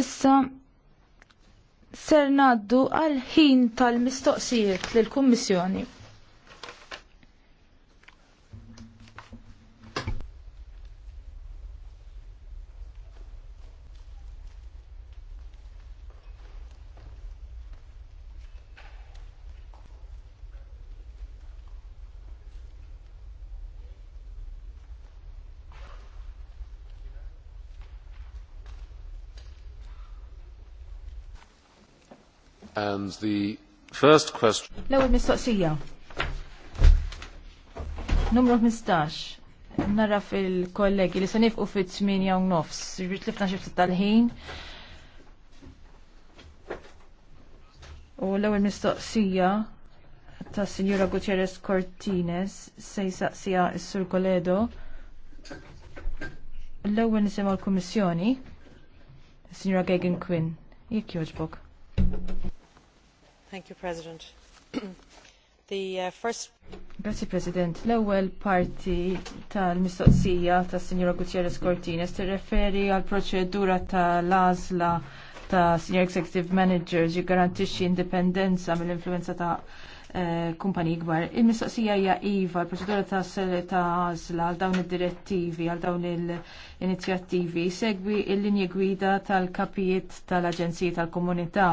Issa ser naddu għal ħin tal-mistoqsijiet lill kummissjoni L-ewwel mistoqsija. Numru 15. Nara fil-kollegi li se nifqu fit-8 u nofs. Ġbir tlifna xi tal-ħin. U l-ewwel mistoqsija ta' Signora Gutierrez Cortines se jsaqsija s-Sur Koledo. L-ewwel nisimgħu l-Kummissjoni, Signora Gagin Quinn. Jekk jogħġbok. Uh, Grazie President. L-ewwel parti tal-mistoqsija tas signora Gutierrez Cortines tirreferi għal proċedura tal-għażla ta' Senior Executive Managers jiggarantixxi indipendenza mill-influenza ta' eh, kumpani gbar. Il-mistoqsija hija iva, l-proċedura ta' ta' għażla għal dawn id-direttivi, għal dawn il-inizjattivi, segwi il-linji gwida tal-kapijiet tal-Aġenziji tal-Komunità. tal kapijiet tal tal kapijiet tal aġenziji tal komunità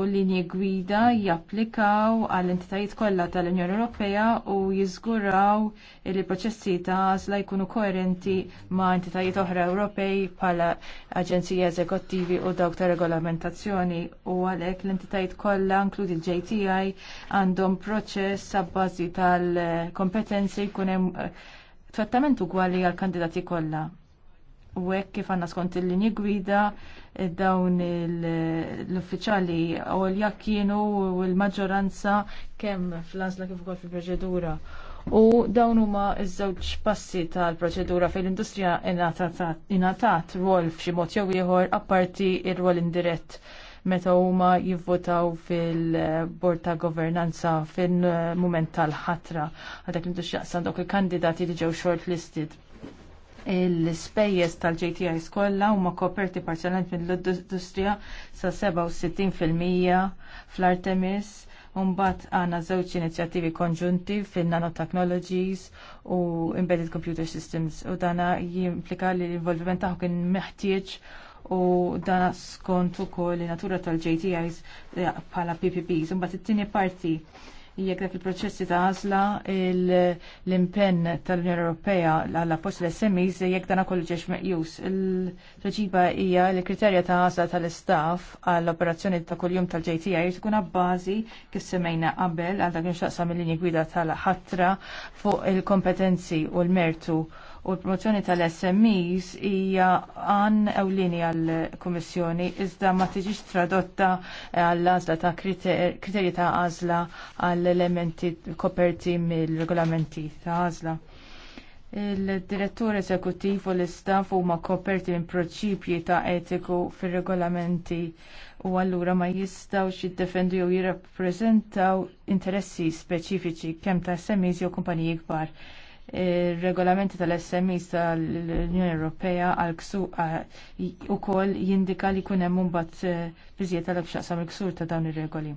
u linji gwida japplikaw għall entitajiet kollha tal-Unjoni Ewropea u jiżguraw li proċessi ta' għażla jkunu koerenti ma' entitajiet oħra Ewropej bħala aġenziji eżekuttivi u dawk ta' regolamentazzjoni u għalhekk l-entitajiet kollha inkludi l-JTI għandhom proċess sabbażi tal-kompetenzi jkun hemm trattament ugwali għall kandidati kollha u hekk kif għandna skont il-linji gwida eh, dawn l-uffiċjali għolja kienu u l-maġġoranza kemm fl-għażla kif ukoll fil-proċedura. U dawn huma ż-żewġ passi tal-proċedura fil industrija ingħatat rwol f'xi mod jew ieħor apparti r-rwol indirett meta huma jivvotaw fil-bord ta' governanza fil eh, mument tal-ħatra. Għadak l industrija sandok il-kandidati li ġew shortlisted l ispejjeż tal-JTIs kollha huma koperti parzjalment mill-industrija sa 67% fl-Artemis Umbat għana zewċ inizjattivi konġunti fin nanotechnologies u embedded computer systems u dana jimplika li l-involviment taħu kien meħtieġ u dana skont ukoll in natura tal-JTIs pala PPPs. Umbat it-tini parti jekk dak il-proċessi ta' għażla l-impenn tal-Unjoni Ewropea għal post l-SMEs jekk dan kollu ġex meqjus. Il-tweġiba hija li kriterja ta' għażla tal-istaff għall operazzjoni ta' kuljum tal-JTI tkun abbażi kif semejna qabel għal dak nixtaqsam il-linji gwida tal-ħatra fuq il-kompetenzi u l-mertu u l-promozzjoni tal-SMEs hija għan ewlini għall-Kummissjoni iżda ma tiġix tradotta għall-għażla ta' kriterji ta' għażla għall-elementi koperti mill-regolamenti ta' għażla. Il-direttur eżekutiv u l-istaff huma koperti minn proċipji ta' etiku fir-regolamenti u allura ma jistgħux jiddefendu jew jirrappreżentaw interessi speċifiċi kemm ta' SMEs jew kumpaniji kbar regolamenti tal-SMEs tal-Unjoni Ewropea għal ksu u kol jindika li kunem mumbat e, bizjiet tal-abxaqsam il-ksur ta' dawn ir-regoli.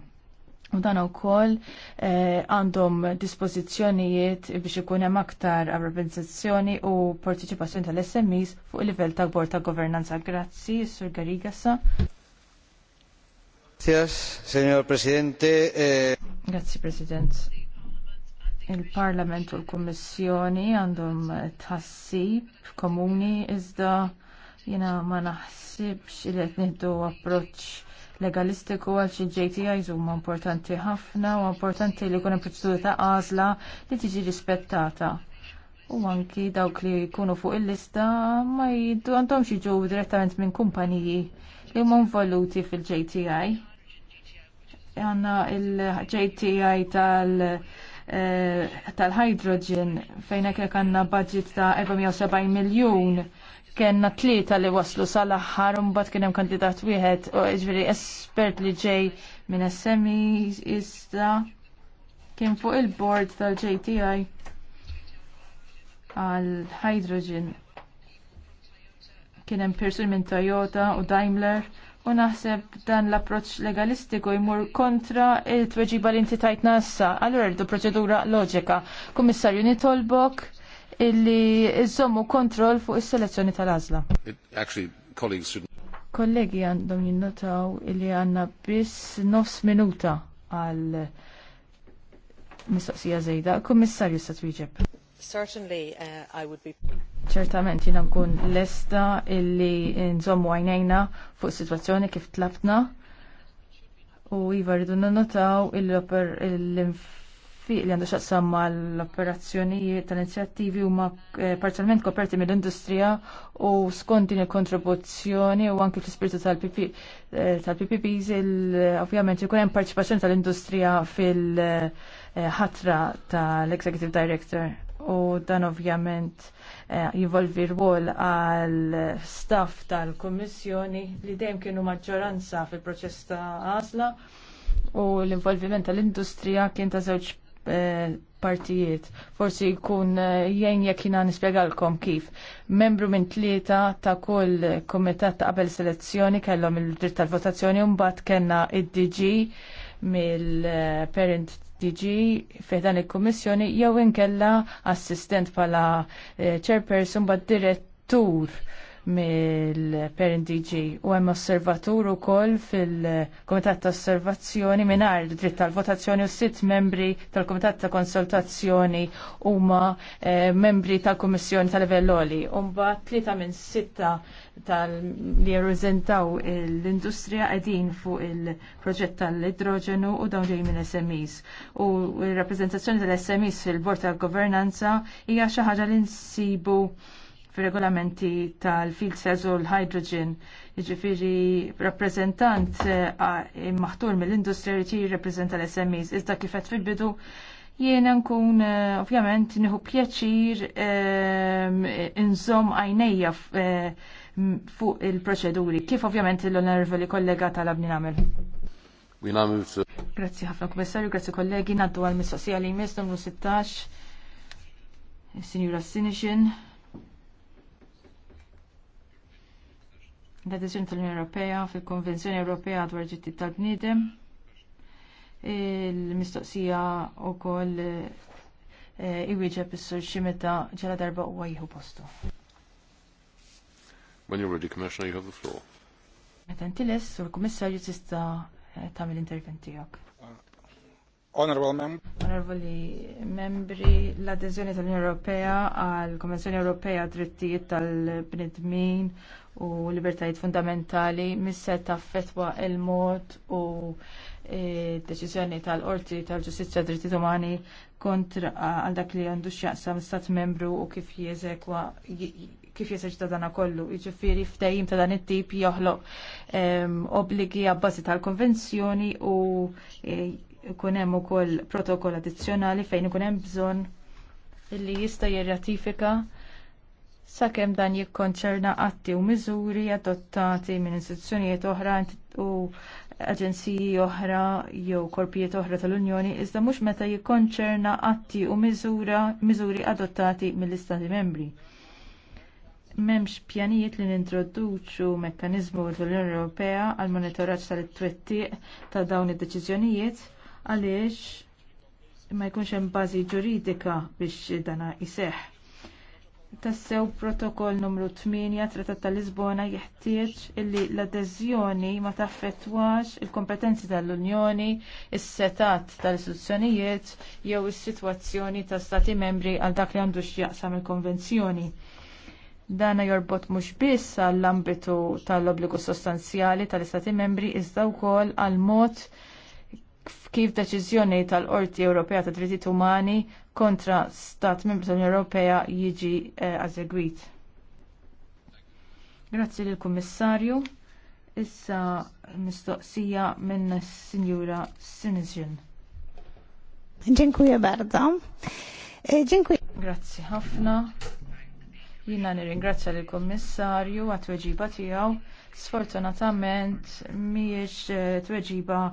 U dan ukoll e, għandhom dispożizzjonijiet biex ikun hemm aktar rappresentazzjoni u partiċipazzjoni tal sms fuq il-livell ta' bord ta' governanza. Grazzi, Sur Garigasa. Grazie, signor Presidente. Eh, Grazie, Presidente Il-Parlament u l-Kommissjoni għandhom tħassib komuni iżda jina ma naħsibx li qed nieħdu approċċ legalistiku għal xi JTIs huma importanti ħafna u importanti li jkun hemm proċedura ta' għażla li tiġi rispettata. U anki dawk li jkunu fuq il-lista ma jiddu għandhom jiġu direttament minn kumpaniji li huma involuti fil-JTI għanna il-JTI tal- Eh, tal-hydrogen fejn hekk għandna budget ta' 470 miljun kena tlieta li waslu sal-aħħar u mbagħad kien hemm kandidat wieħed u jiġifieri espert li ġej minn SMI e iżda kien fuq il-board tal-JTI għal hydrogen kien hemm persuni minn Toyota u Daimler U naħseb dan l-approċ legalistiku jmur kontra il-tweġiba li inti tajt nassa. Allora rridu proċedura loġika. Kummissarju nitolbok illi iżommu kontrol fuq is-selezzjoni tal azla Kollegi għandhom jinnotaw illi għanna biss nofs minuta għal mistoqsija zejda. Kummissarju s twieġeb. Certainly, uh, I would be... Ċertament, jina nkun lesta illi nżommu għajnejna fuq situazzjoni kif tlabna u jiva rridu nannotaw il-infiq li għandu xaqsam l operazzjonijiet tal-inizjattivi u ma eh, parzialment koperti mill-industrija u skonti il-kontribuzzjoni u anki fl-spiritu tal-PPPs eh, il-ovvjament jkun hemm parċipazzjoni tal-industrija fil- eh, ħatra tal-Executive Director u dan ovvjament eh, jivolvi rwol għal staff tal komissjoni li dejjem kienu maġġoranza fil-proċess ta' għażla u l-involviment tal-industrija kien ta' żewġ eh, partijiet. Forsi jkun eh, jgħin jekk jina nispjegalkom kif. Membru minn tlieta ta' kull komitat ta' qabel selezzjoni kellhom il-dritt tal-votazzjoni u mbagħad kellna id-DG mill-parent tiġi fedan il-Kommissjoni jew inkella assistent pala eh, chairperson bad direttur mill-Parent DG u hemm osservatur ukoll fil-Komitat ta' Osservazzjoni mingħajr dritt tal-votazzjoni u sitt membri tal-Komitat ta' Konsultazzjoni huma eh, membri tal-Kummissjoni tal-livell oli. U mbagħad tlieta minn sitta tal li jirriżentaw l-industrija qegħdin fuq il-proġett tal-idroġenu u dawn ġej minn SMEs. U r-rappreżentazzjoni tal-SMEs fil-Bord tal-Governanza hija xi ħaġa li nsibu fil-regolamenti tal-field cells u l-hydrogen. Ġifiri, rappresentant eh, maħtur mill industri li jirrappreżenta l-SMEs. Iżda kifet fil-bidu jiena nkun eh, ovvjament nieħu pjaċir eh, inżomm għajnejja fuq il-proċeduri. Kif ovvjament l li kollega tal-abni namel? Grazzi ħafna kummissarju, grazzi kollegi, naddu għal-mistoqsija li jmiss numru 16, signora sinjura l-adesjoni tal-Unjoni Ewropea fil-Konvenzjoni Ewropea dwar Dritti tal-bniedem. Il-mistoqsija u koll eh, iwieġeb is surxi meta ġala darba huwa jieħu postu. When you're ready, Commissioner, you have the floor. Meta intiles, sur kummissarju tista' eh, tagħmel intervent tiegħek. Uh, Honorable Mem. Honorable Membri, l-adesjoni tal-Unjoni Ewropea għal Konvenzjoni Ewropea Drittijiet tal bnidmin u libertajiet fundamentali mis-set ta' fetwa il-mod u e, deċiżjoni tal-qorti tal-ġustizja drittijiet umani kontra għal dak li għandu x'jaqsam stat membru u kif jeżekwa kif ta' dana kollu. Iġifiri ftajim ta' dan it-tip joħloq obbligi għabbasi tal-konvenzjoni u e, kunem u koll protokoll addizjonali fejn kunem bżon li jista jirratifika sakemm dan jikkonċerna atti u miżuri adottati minn istituzzjonijiet oħra u aġenziji oħra jew korpijiet oħra tal-Unjoni iżda mhux meta jikkonċerna atti u miżuri adottati mill-Istati membri. M'hemmx pjanijiet li nintroduċu mekkaniżmu tal-Unjoni Ewropea għal monitoraġġ tal-twettiq ta' dawn id-deċiżjonijiet għaliex ma jkunx hemm bażi ġuridika biex dana jseħħ tassew protokoll numru 8 Trattat ta' Lisbona jeħtieġ illi l-adeżjoni ma taffettwax il-kompetenzi tal-Unjoni, is-setat tal-istituzzjonijiet jew is-sitwazzjoni ta' stati membri għal dak li għandu x'jaqsam il-konvenzjoni. Dana jorbot mhux biss għall ambitu tal-obbligu sostanzjali tal-istati membri iżda wkoll għal mod kif deċiżjoni tal-Qorti Ewropea ta' Drittijiet Umani kontra Stat Membru tal-Unjoni Ewropea jiġi eżegwit. Eh, Grazzi lill kummissarju Issa mistoqsija minn Sinjura Sinizjun. Dziękuję Barda. E, dziękuję. Grazzi ħafna. Jina nirringrazzja lill kummissarju għat-tweġiba tiegħu. Sfortunatament mhijiex eh, tweġiba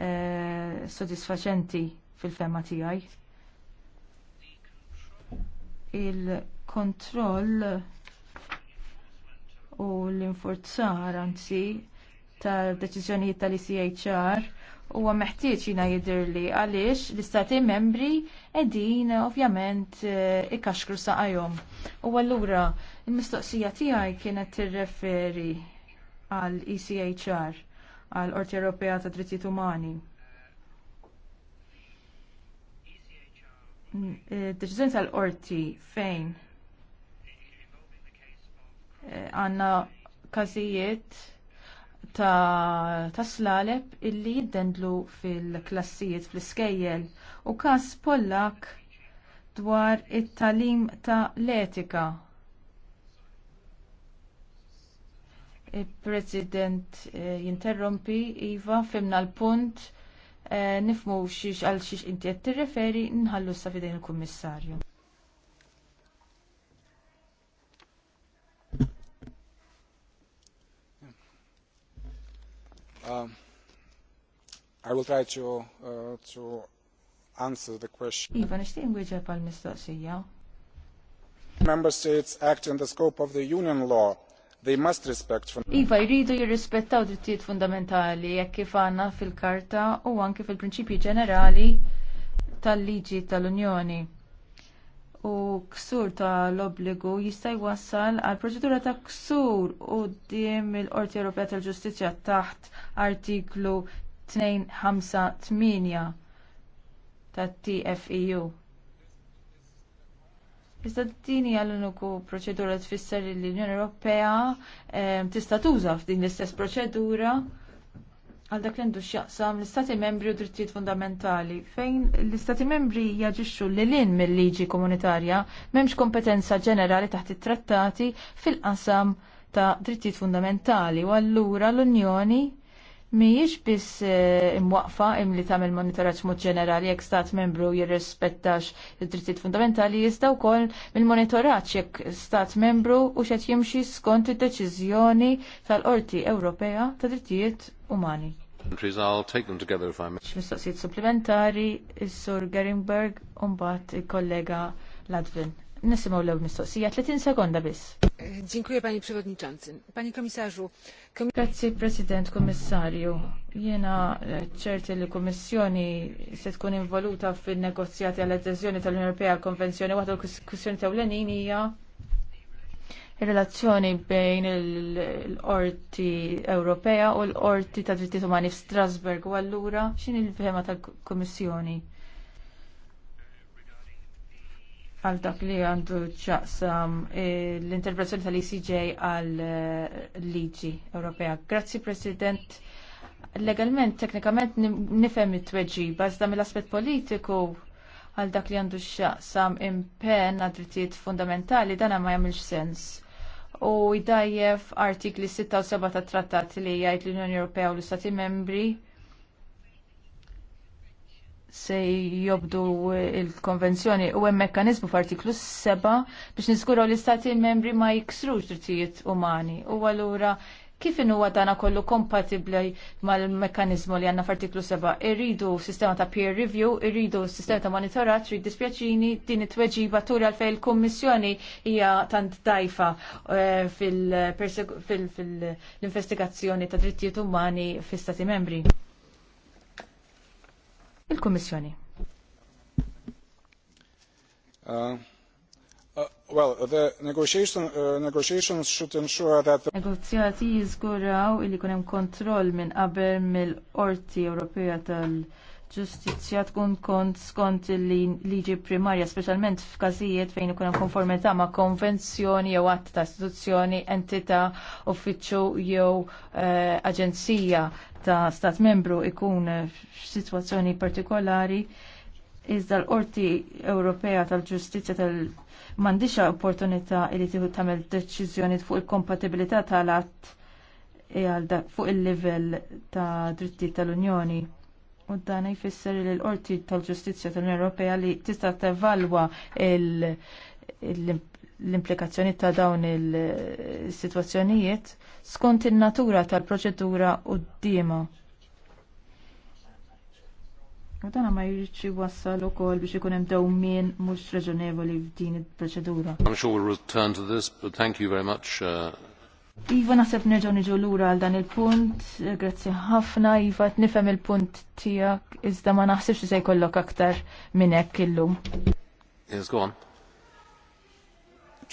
Eh, sodisfaċenti fil-fema tiegħi. Il-kontroll u l-infurzar anzi tal-deċiżjonijiet tal-ICHR huwa meħtieġ jina jidirli għaliex l-istati membri edin ovvjament eh, ikkaxkru saqajhom. U allura l mistoqsija tiegħi kienet tirreferi għal ECHR għal Qorti Ewropea ta' Drittijiet Umani. Eh, deċiżjoni tal-Qorti fejn eh, għandna każijiet ta', ta illi jiddendlu fil-klassijiet fl-iskejjel u każ Pollak dwar it-talim ta' l-etika Il-President eh, jinterrompi, Iva, fimna l-punt, eh, nifmu xiex għal xiex inti qed referi nħallu sa fidejn il-Kummissarju. Um, I will try to, uh, to answer the question. Iva, nishtiq ngħidġa pal-mistoqsija. Member States act in the scope of the Union law They must respect Iva jridu jirrispettaw drittijiet fundamentali jekk kif għandna fil-karta u anke fil-prinċipji ġenerali tal-liġi tal-Unjoni. U ksur tal-obbligu jista' jwassal għal proċedura ta' ksur quddiem il-Qorti Ewropea tal-Ġustizzja taħt artiklu 258 tat-TFEU. Iżda din hija l-uniku proċedura tfisser li l-Unjoni Ewropea ehm, tista' tuża f'din l-istess proċedura għal dak l-indu x'jaqsam l-Istati membri u drittijiet fundamentali fejn l-Istati membri jaġixxu l lin mill-liġi komunitarja m'hemmx kompetenza ġenerali taħt it-trattati fil-qasam ta' drittijiet fundamentali u allura l-Unjoni Mijiex biss eh, imwaqfa imli tagħmel monitoraġġ mod ġenerali jekk stat membru jirrispettax id-drittijiet fundamentali jista' wkoll mill-monitoraġġ jekk stat membru u xed jimxi skont id-deċiżjoni tal-Qorti Ewropea ta' Drittijiet Umani. X'mistoqsijiet supplementari is-Sur Geringberg u mbagħad il-kollega Ladvin. Nisimaw l-ewwel mistoqsija 30 sekonda biss. Dziękuję Pani Przewodniczący. Panie Komisarzu. Grazie President Kommissarju. Jena e, ċerti li komissjoni se tkun involuta fin-negozjati għall adeżjoni tal-Unjoni Ewropea konvenzjoni waħda l-kwistjoni tewlenin hija relazzjoni bejn l-Orti Ewropea u l-Orti ta' Drittijiet Umani f'Strasburg u allura x'in il-fema tal kummissjoni għal dak li għandu ċaqsam eh, l-interpretazzjoni tal-ECJ għal eh, liġi Ewropea. Grazzi, President. Legalment, teknikament nifhem it tweġi iżda mill-aspett politiku għal dak li għandu x-ċaqsam impen għad drittijiet fundamentali dana ma jagħmilx sens. U jdajjef artikli 6 u 7 tat trattat li jgħajt l-Unjoni Ewropea u l-Istati Membri se jobdu il-konvenzjoni u hemm mekkanizmu f'artiklu 7 biex niskuraw l-istati membri ma jiksrux drittijiet umani. U allura kif huwa dana kollu kompatibli mal-mekkanizmu li għanna f'artiklu 7? Irridu sistema ta' peer review, irridu sistema ta' monitorat, trid dispjaċini din it-tweġiba turi għal fejn il-kummissjoni hija tant dajfa eh, fil-investigazzjoni ta' drittijiet umani fl-istati membri il-Kummissjoni. Uh, uh, well, the negotiation, uh, negotiations should ensure that... The... Negozjati jizguraw il-li kunem kontrol minn qabel mill-Orti Ewropea tal- ġustizzja tkun kont skont il-liġi primarja, speċjalment f'każijiet fejn ikun hemm konformità ma' konvenzjoni jew att ta' istituzzjoni, entità, uffiċċju jew eh, aġenzija ta' stat membru ikun f'sitwazzjoni partikolari. Iżda l-Qorti Ewropea tal-Ġustizzja tal opportunità li tieħu tagħmel deċiżjoni fuq il-kompatibilità tal-att e fuq il-livell ta' dritti tal-Unjoni U dan jfisser li l-Qorti tal ġustizja tal-Ewropea unjoni li tista' tevalwa l-implikazzjoni ta' dawn il situazzjonijiet skont in-natura tal-proċedura u d-dima. U dan ma jirċi wassal u kol biex ikun hemm dewmien mhux reġonevoli f'din il-proċedura. I'm sure we'll return to this, but thank you very much, uh, Iva naħseb nerġgħu niġu lura għal dan il-punt, grazzi ħafna, Iva nifem il-punt tiegħek iżda ma naħsibx li se jkollok aktar minn hekk illum. Yes, go on.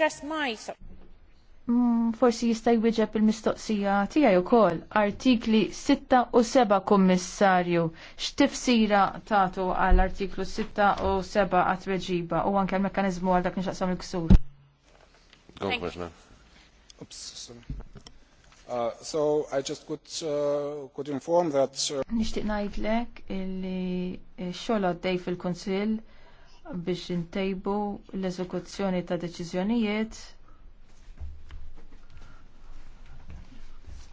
Just my mm, Forsi jista' jwieġeb il-mistoqsija tiegħi wkoll artikli 6 u 7 kummissarju. X'tifsira tagħtu għall artiklu 6 u 7 għat-tweġiba u anke l-mekkaniżmu għal dak nixaqsam il-ksur. Go, Uh, so I just could, uh, could inform that... Uh, Nishtiq najdlek illi eh, xol għaddej fil-Konsil biex intejbu l-eżekuzzjoni ta' deċiżjonijiet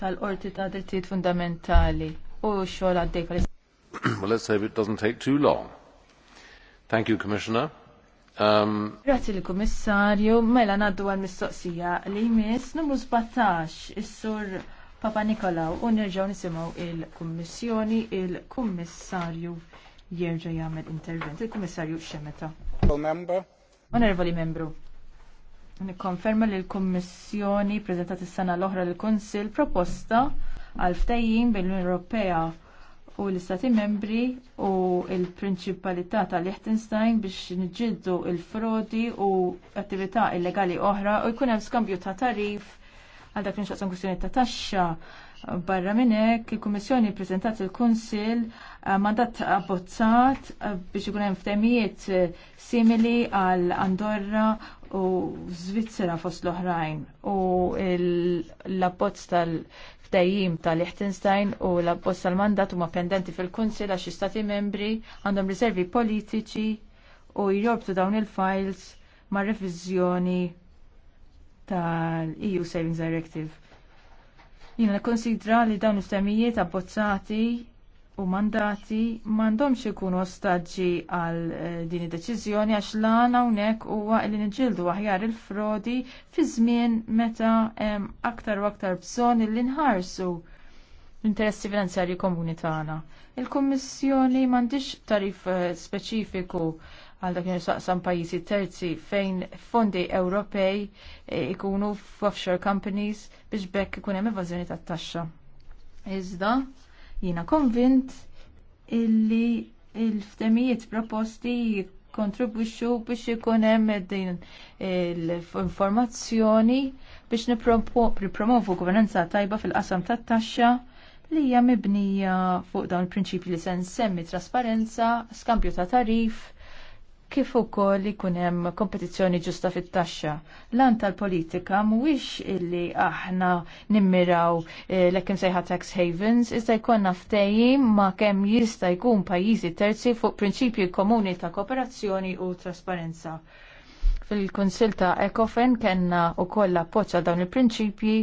tal-qorti ta' drittijiet fundamentali u xol għaddej fil Well, let's hope it doesn't take too long. Thank you, Commissioner. Um, Grazzi li kummissarju, mela naddu għal mistoqsija li jmiss numru 17 is-sur Papa Nikolaw u nerġaw nisimaw il-kummissjoni, il-kummissarju jerġa' jagħmel intervent, il-kummissarju xemeta. Onorevoli membru. Nikkonferma li l-Kummissjoni preżentat is-sena l-oħra l-Kunsill proposta għal ftehim bil-Unjoni Ewropea u l-istati membri u il-prinċipalità ta' Liechtenstein biex nġiddu il-frodi u attività illegali oħra u jkun hemm skambju ta' tarif għal dak nxaqsam kwistjoni ta' taxxa Barra minn hekk, il-Kummissjoni ppreżentat il-Kunsill eh, mandat abbozzat eh, biex ikun hemm ftemijiet eh, simili għal Andorra u Svizzera fost l-oħrajn u l-abbozz tal ftejjim ta' Liechtenstein u l-abbozz tal-mandat huma pendenti fil-Kunsil għax istati membri għandhom riservi politiċi u jorbtu dawn il-files ma' reviżjoni tal-EU Savings Directive. Jina konsidra li dawn l temijiet abbozzati u mandati m'għandhomx ikunu ostaġġi għal eh, din id-deċiżjoni għax lana hawnhekk huwa li niġġieldu aħjar il-frodi fi żmien meta hemm aktar u aktar bżonn li nħarsu l-interessi finanzjarji komuni tagħna. Il-Kummissjoni m'għandix tarif eh, speċifiku għal dak il-saqsam pajjiżi terzi fejn fondi Ewropej eh, ikunu f'offshore companies biex bekk ikun hemm evażjoni tat-taxxa. Iżda, Jiena konvint illi il-ftemijiet proposti kontribwixxu biex ikun hemm din l-informazzjoni biex nippromovu governanza tajba fil-qasam tat-taxxa li hija mibnija fuq dawn il-prinċipji li se nsemmi trasparenza, skambju ta' tarif, kif ukoll ikun hemm kompetizzjoni ġusta fit-taxxa. Lan tal-politika mhuwiex illi aħna nimmiraw eh, l-ekim sejħa tax havens, iżda jkollna ftehim ma' kemm jista' jkun pajjiżi terzi fuq prinċipji komuni ta' kooperazzjoni u trasparenza fil-Konsil ta' Ecofen kena u koll appoċ għal dawn il-prinċipji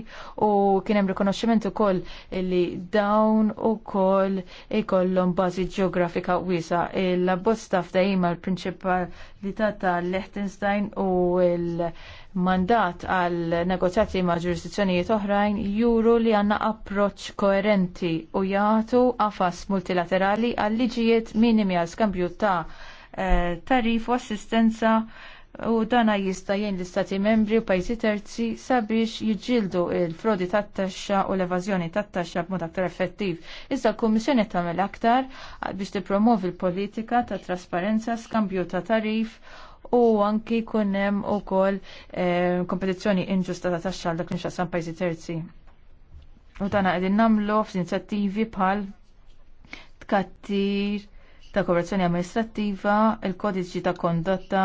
u kienem rikonoxximent ukoll li dawn u koll ikollhom bażi ġeografika wisa. Il-abbozz ta' fdejma l-prinċipalità ta' Liechtenstein u il-mandat għal negozjati ma' ġurisdizzjonijiet oħrajn juru li għanna approċ koerenti u jagħtu għafas multilaterali għal liġijiet minimi għal skambju ta' eh, tarif u assistenza u dana jista' jien l-istati membri u pajzi terzi sabiex jiġġieldu l frodi tat-taxxa u l-evażjoni tat-taxxa b'mod aktar effettiv. Iżda l-Kummissjoni tagħmel aktar biex tippromovi l-politika ta' trasparenza, skambju ta' tarif u anki jkun hemm ukoll kompetizjoni eh, kompetizzjoni inġusta ta' taxxa għal dak san pajjiżi terzi. U dana qegħdin nagħmlu f'inizjattivi bħal tkattir ta' korruzzjoni amministrattiva, il-kodiċi ta' kondotta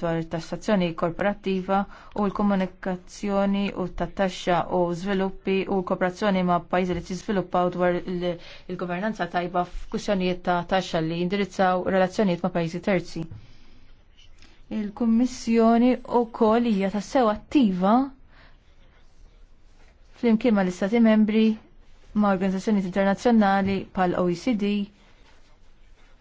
dwar it-taxxazzjoni korporattiva u l-komunikazzjoni u tat-taxxa u żviluppi u l-kooperazzjoni ma' pajjiżi li tiżviluppaw dwar il-governanza tajba f'kwistjonijiet ta' taxxa li jindirizzaw relazzjonijiet ma' pajjiżi terzi. Il-Kummissjoni wkoll hija tassew attiva flimkien mal istati membri ma' organizzazzjonijiet internazzjonali pal OECD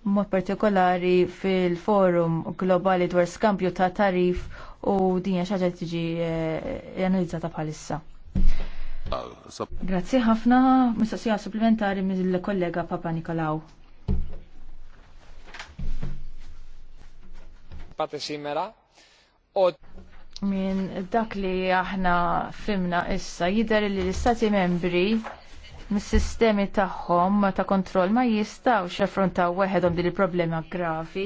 mod partikolari fil-forum globali dwar skambju ta' tarif u din xaġa tiġi eh, analizzata bħalissa. Grazzi ħafna, mistoqsija supplementari mill-kollega Papa Nikolaw. Pate simera. Min dak li aħna fimna issa jider li l-istati membri mis-sistemi tagħhom ta' kontroll ma jistgħux jaffrontaw weħedhom din il-problema gravi.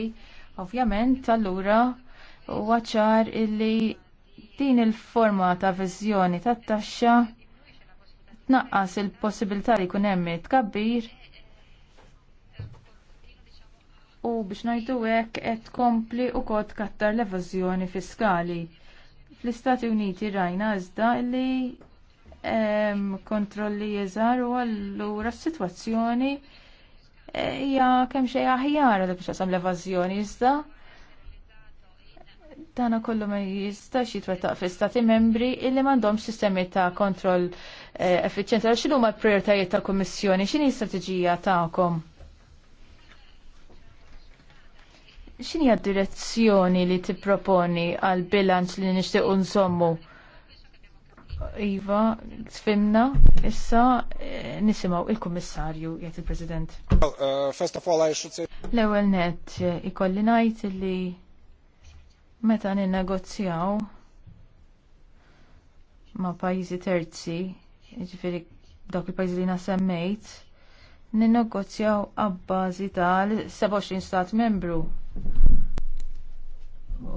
Ovvjament allura huwa ċar illi din il-forma ta' viżjoni tat-taxxa tnaqqas il-possibilità li jkun hemm tkabbir u biex ngħidu hekk qed tkompli wkoll tkattar l-evażjoni fiskali. Fl-Istati Uniti rajna iżda li kontrolli jeżar u allura s-sitwazzjoni eh, hija kemm xejn aħjar dak biex jasam l-evażjoni iżda dana kollu ma jistax jitwettaq fi stati membri illi mandom sistemi ta' kontroll eh, effiċjenti. Għal xinu ma' prioritajiet ta' kommissjoni, xini strategija ta'kom? Xini direzzjoni li tipproponi għal bilanċ li nishtiq nżommu Iva, tfimna, issa eh, nisimaw il-Kommissarju, jgħet il-President. Uh, first of all, I should say... L-ewel net, eh, ikolli najt li meta ninnegozjaw ma pajizi terzi, ġifiri dawk il-pajizi li nasemmejt, ninnegozjaw għabbażi tal-27 stat membru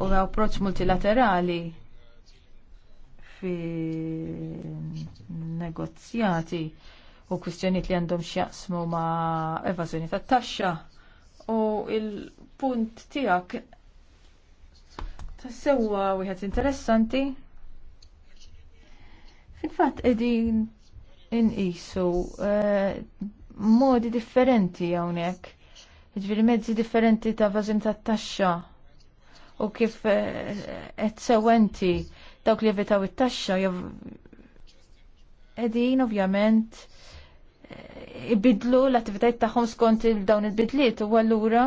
u proċ multilaterali fi negozjati u kwistjoniet li għandhom xjaqsmu ma evazjoni tat taxxa u il-punt tiegħek ta' sewwa wieħed interessanti. Fil-fatt qegħdin inqisu isu eh, modi differenti hawnhekk. ġviri jiġifieri mezzi differenti ta' evazjoni tat taxxa u kif et eh, sewenti dawk li jevitaw it-taxxa jew qegħdin ovvjament eh, ibidlu l-attivitajiet tagħhom skont il-dawn il-bidliet u allura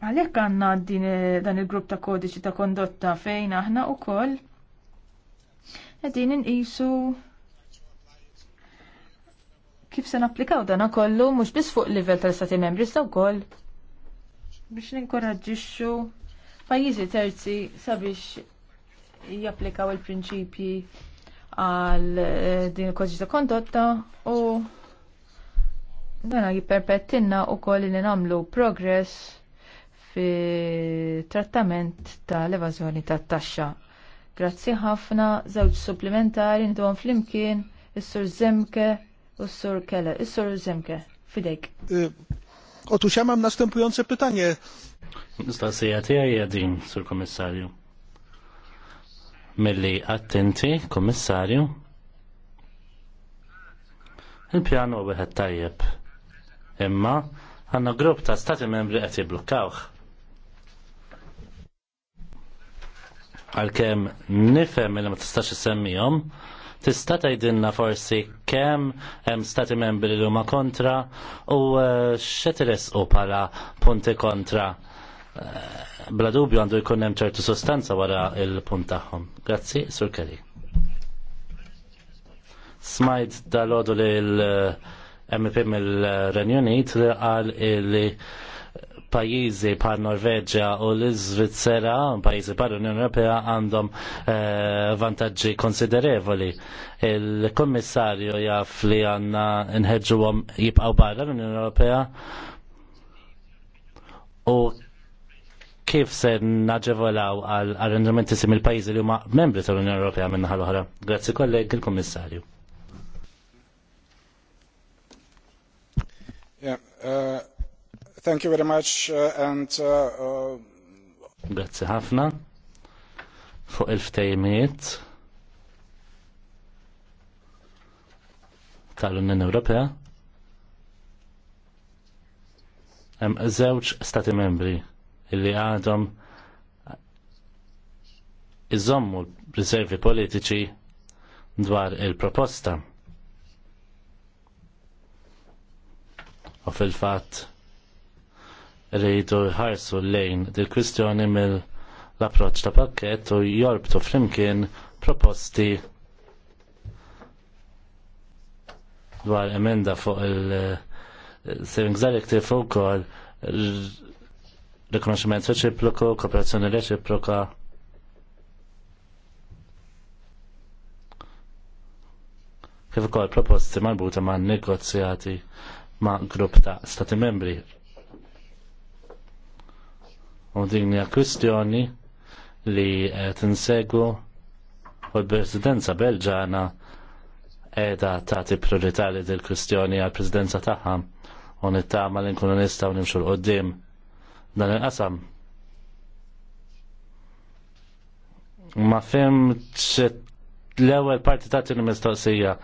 għalhekk għandna din eh, dan il-grupp ta' kodiċi ta' kondotta fejn aħna wkoll qegħdin inqisu kif se napplikaw dan kollu mhux biss fuq livell tal-Stati Membri sa wkoll biex ninkoraġġixxu pajjiżi terzi sabiex japplikaw il-prinċipji għal eh, din il-kodġi ta' kondotta u dana jiperpettinna u koll li namlu progress fi trattament tal-evażjoni tat-taxxa. Grazzi ħafna, żewġ supplementari nidwom flimkien is-sur Zemke u s-sur Kele. Is-sur Zemke, fidejk. E, otóż ja mam se pytanie. Mistoqsija tiegħi hija din, Sur Kommissarju. Milli attenti, Kummissarju. Il-pjan huwa wieħed tajjeb. Imma għandna grupp ta' stati membri qed jibblukkawh. Għalkemm nifhem li ma tistax issemmihom, tista' tgħidilna forsi kemm hemm stati membri li huma kontra u eh, x'qed u bħala punti kontra bla dubju għandu jkun hemm ċertu sostanza wara il-punt tagħhom. Grazzi, Sur Kelly. Smajt dal-għodu li l-MP mill-Renju Unit li għal li pajizi par Norveġġja u l-Svizzera, pajizi par Unjoni Ewropea għandhom eh, vantaġġi konsiderevoli. Il-Kommissarju jaf li għanna nħedġuhom jibqaw barra l-Unjoni Ewropea u kif se naġevolaw għal arranġamenti simil pajjiżi li huma membri tal-Unjoni Ewropea minn naħa l-oħra. Grazzi kolleg il-Kummissarju. Yeah, uh, thank you very much uh, and uh, uh, Grazzi ħafna fuq il-ftejmiet tal-Unjoni Ewropea. Hemm żewġ stati membri illi għadhom iżommu riservi politiċi dwar il-proposta. U fil fat rridu ħarsu lejn dil-kwistjoni mill approċ ta' pakket u jorbtu flimkien proposti dwar emenda fuq il-Savings Directive u kol rikonoxximent reċiproku, kooperazzjoni reċiproka. Kif ukoll proposti marbuta ma' negozjati ma' grupp ta' stati membri. U din hija kwistjoni li tinsegu u l-Presidenza Belġana edha tagħti priorità li dil-kwistjoni għall-Presidenza tagħha u nittama li nkunu nistgħu nimxu l-qoddim dan il-qasam. Ma fimx l-ewwel parti ta' il-mistoqsija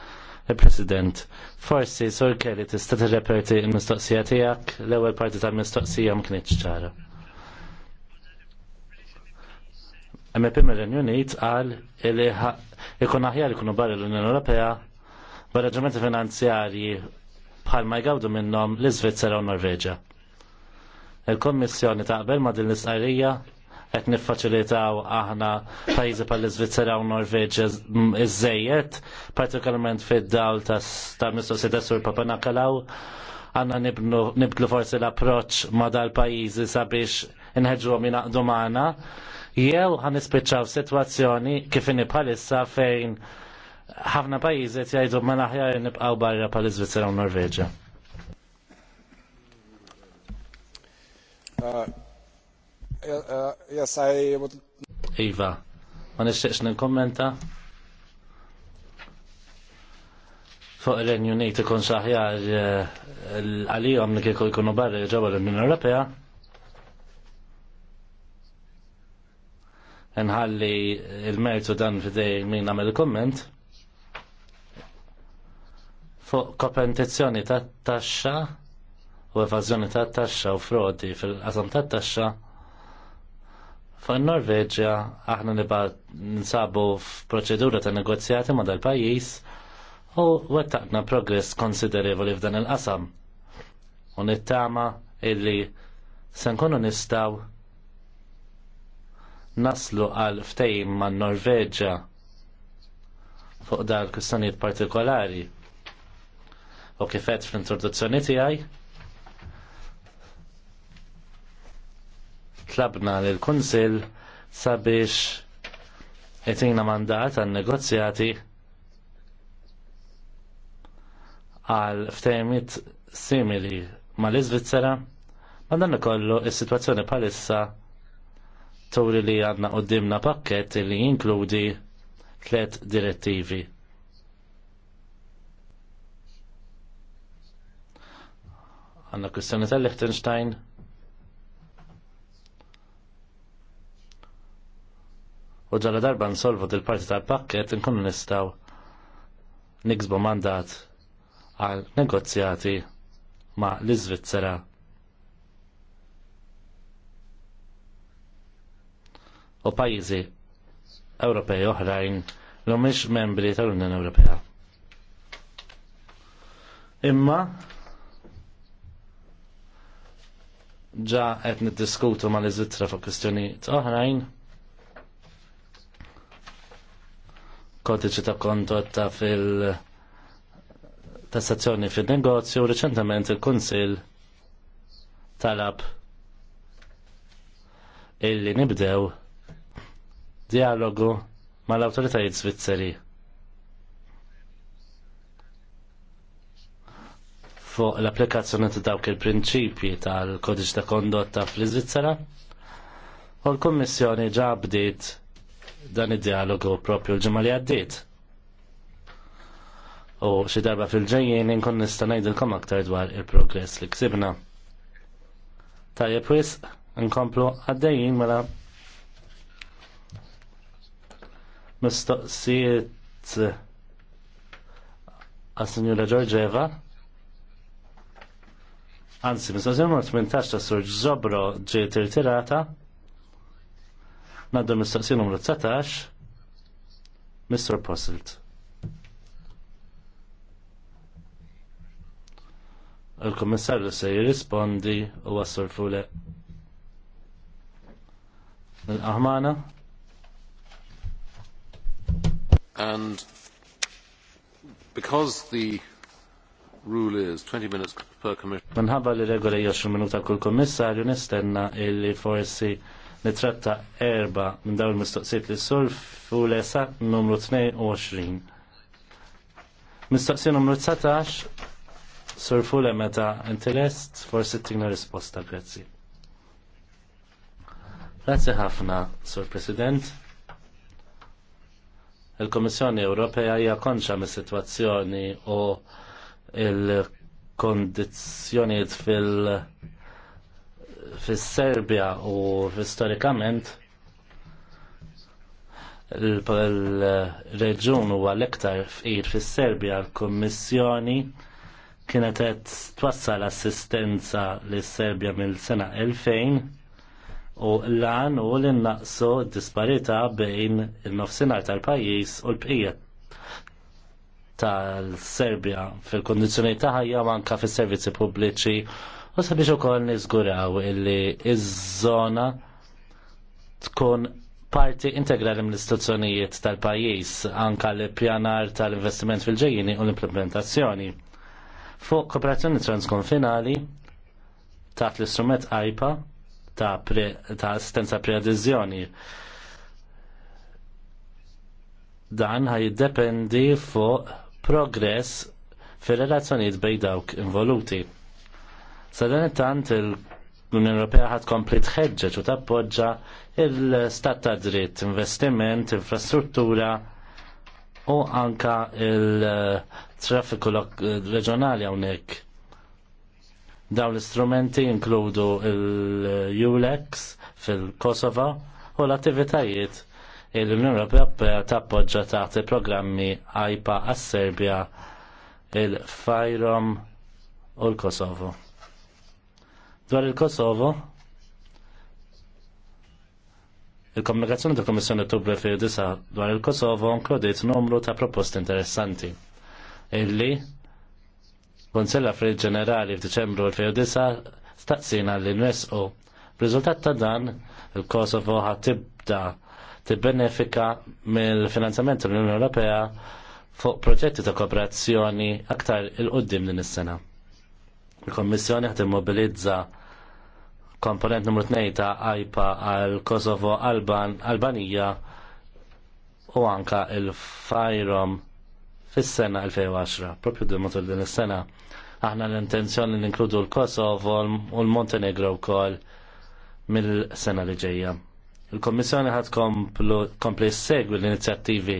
il-President. Eh, Forsi Sur kelli, tista' tirreperti l-mistoqsija tiegħek l-ewwel parti ta' mistoqsija ma ċara. MP Mill-Renju Unit qal li ikun aħjar kunu barra l-Unjoni Ewropea b'arranġamenti finanzjarji bħal ma jgawdu minnhom l-Iżvizzera u Norveġa. Il-Kommissjoni taqbel ma' din l-istqarrija qed niffaċilitaw aħna pajjiżi pal iżvizzera u Norveġja iżejjed, partikolarment fid-dawl ta' mistoqsi Sur Papanakalaw, għanna nibdlu forsi l-approċ ma' dal-pajjiżi sabiex inħeġġuhom jinaqdu magħna, jew għan nispiċċaw sitwazzjoni kif inni fejn ħafna pajjiżi jgħidu ma naħjar nibqgħu barra pal iżvizzera u Norveġa. Uh, uh, yes, I would... Iva, ma nixtieqx nikkommenta fuq il-Renju Unit ikun l eh, għalijom li kieku jkunu barri ġewwa l-Unjoni Ewropea. Nħalli il-mertu dan fidej min għamil komment fuq kompetizzjoni ta' taxxa u evażjoni ta' taxxa u frodi fil-qasam ta' taxxa fan norveġja aħna nibgħat nsabu f'proċedura ta' negozjati ma' dal-pajjiż u wettaqna progress konsiderevoli f'dan il-qasam. U nittama illi se nkunu nistgħu naslu għal ftehim man Norveġġja fuq dal kwistjonijiet partikolari u kifet fl-introduzzjoni tiegħi tlabna l kunsil sabiex jtina mandat għal negozjati għal ftejmit simili ma l-Izvizzera ma dan kollu is-situazzjoni palissa turi li għadna qoddimna pakket li jinkludi tlet direttivi. Għanna kustjoni tal lichtenstein u ġala darba nsolvu dil parti tal-pakket nkunu nistaw niksbu mandat għal negozjati ma l-Iżvizzera. U pajjiżi Ewropej oħrajn l mhumiex membri tal-Unjoni Ewropea. Imma ġa qed niddiskutu ma l-Iżvizzera fuq kwistjonijiet oħrajn kodiċi ta' kondotta fil- tassazzjoni fil negozju reċentament il-Kunsil talab illi nibdew dialogu mal-autoritajiet Svizzeri fuq l-applikazzjoni ta' dawk il-prinċipji tal-kodiċ ta' kondotta fl-Iżvizzera u l-Kummissjoni ġa bdiet dan id-dialogu propju l ġemali li għaddiet. U xi darba fil-ġejjien inkun nista' ngħidilkom aktar dwar il-progress li ksibna. Tajjeb wis nkomplu għaddejjin mela mistoqsijiet għas-Sinjura Ġorġeva. Anzi, mistoqsijiet mort 18 ta' Sur Zobro ġiet irtirata. Nadda mistaqsi numru 19, Mr. Posselt. Il-kommissarju se jirrispondi u għassur fule. Il-aħmana? And because the rule is 20 minutes per commission. Minħabba li regola 20 minuta kull kommissarju nistenna illi forsi nitratta erba minn dawn il-mistoqsijiet li s-solf fu l-esa numru 22. Mistoqsija numru 19, Sur le meta intilest, forsi tina risposta, grazzi. Grazzi ħafna, Sur President. Il-Komissjoni Ewropea hija konxa mis-sitwazzjoni u il-kondizzjonijiet fil- fis-Serbja u storikament il-reġun huwa l-iktar fqir fis-Serbja l-Kummissjoni kienet qed twassal assistenza lis serbja mill-sena 2000 u l-għan u l-innaqsu disparita bejn il-nofsinhar tal-pajjiż u l-bqija tal-Serbja fil kundizzjonijiet ta' ħajja u anke fis-servizzi pubbliċi u sabiex ukoll niżguraw illi iż-żona tkun parti integrali mill-istituzzjonijiet tal-pajjiż anka l-pjanar tal-investiment fil-ġejjini u l-implementazzjoni. Fuq kooperazzjoni transkonfinali taħt l-istrument AIPA ta', pre, ta assistenza preadizjoni. Dan ħaj jiddependi fuq progress fir relazzjonijiet bejn dawk involuti. Sa dan it-tant l-Unjoni Ewropea ħad kompli tħeġġeġ u tappoġġa il-stat ta' dritt, investiment, infrastruttura u anka il-traffiku reġjonali hawnhekk. Dawn l-istrumenti inkludu il-ULEX fil-Kosova u l-attivitajiet l-Unjoni Ewropea tappoġġa taħt il-programmi AIPA għas-Serbja il-Fajrom u l-Kosovo. Dwar il-Kosovo, il-komunikazzjoni ta' Komissjoni Tubri fi disa dwar il-Kosovo inkludiet numru ta' proposti interessanti illi Konsell Afrid Ġenerali f'Diċembru 2009 staqsina li nwesqu B'riżultat ta' dan il-Kosovo ħat tibda tibbenefika mill-finanzjament tal-Unjoni Ewropea fuq proġetti ta' kooperazzjoni aktar il-qoddim din is-sena. Il-Kommissjoni ħat immobilizza komponent numru 2 ta' AIPA għal Kosovo Alban Albanija u anka il-Fajrom fis-sena 2010, propju d-matul din is-sena. Aħna l-intenzjoni l-inkludu l-Kosovo u l-Montenegro wkoll mill-sena li ġejja. Il-Kommissjoni ħad kompli segwi l-inizjattivi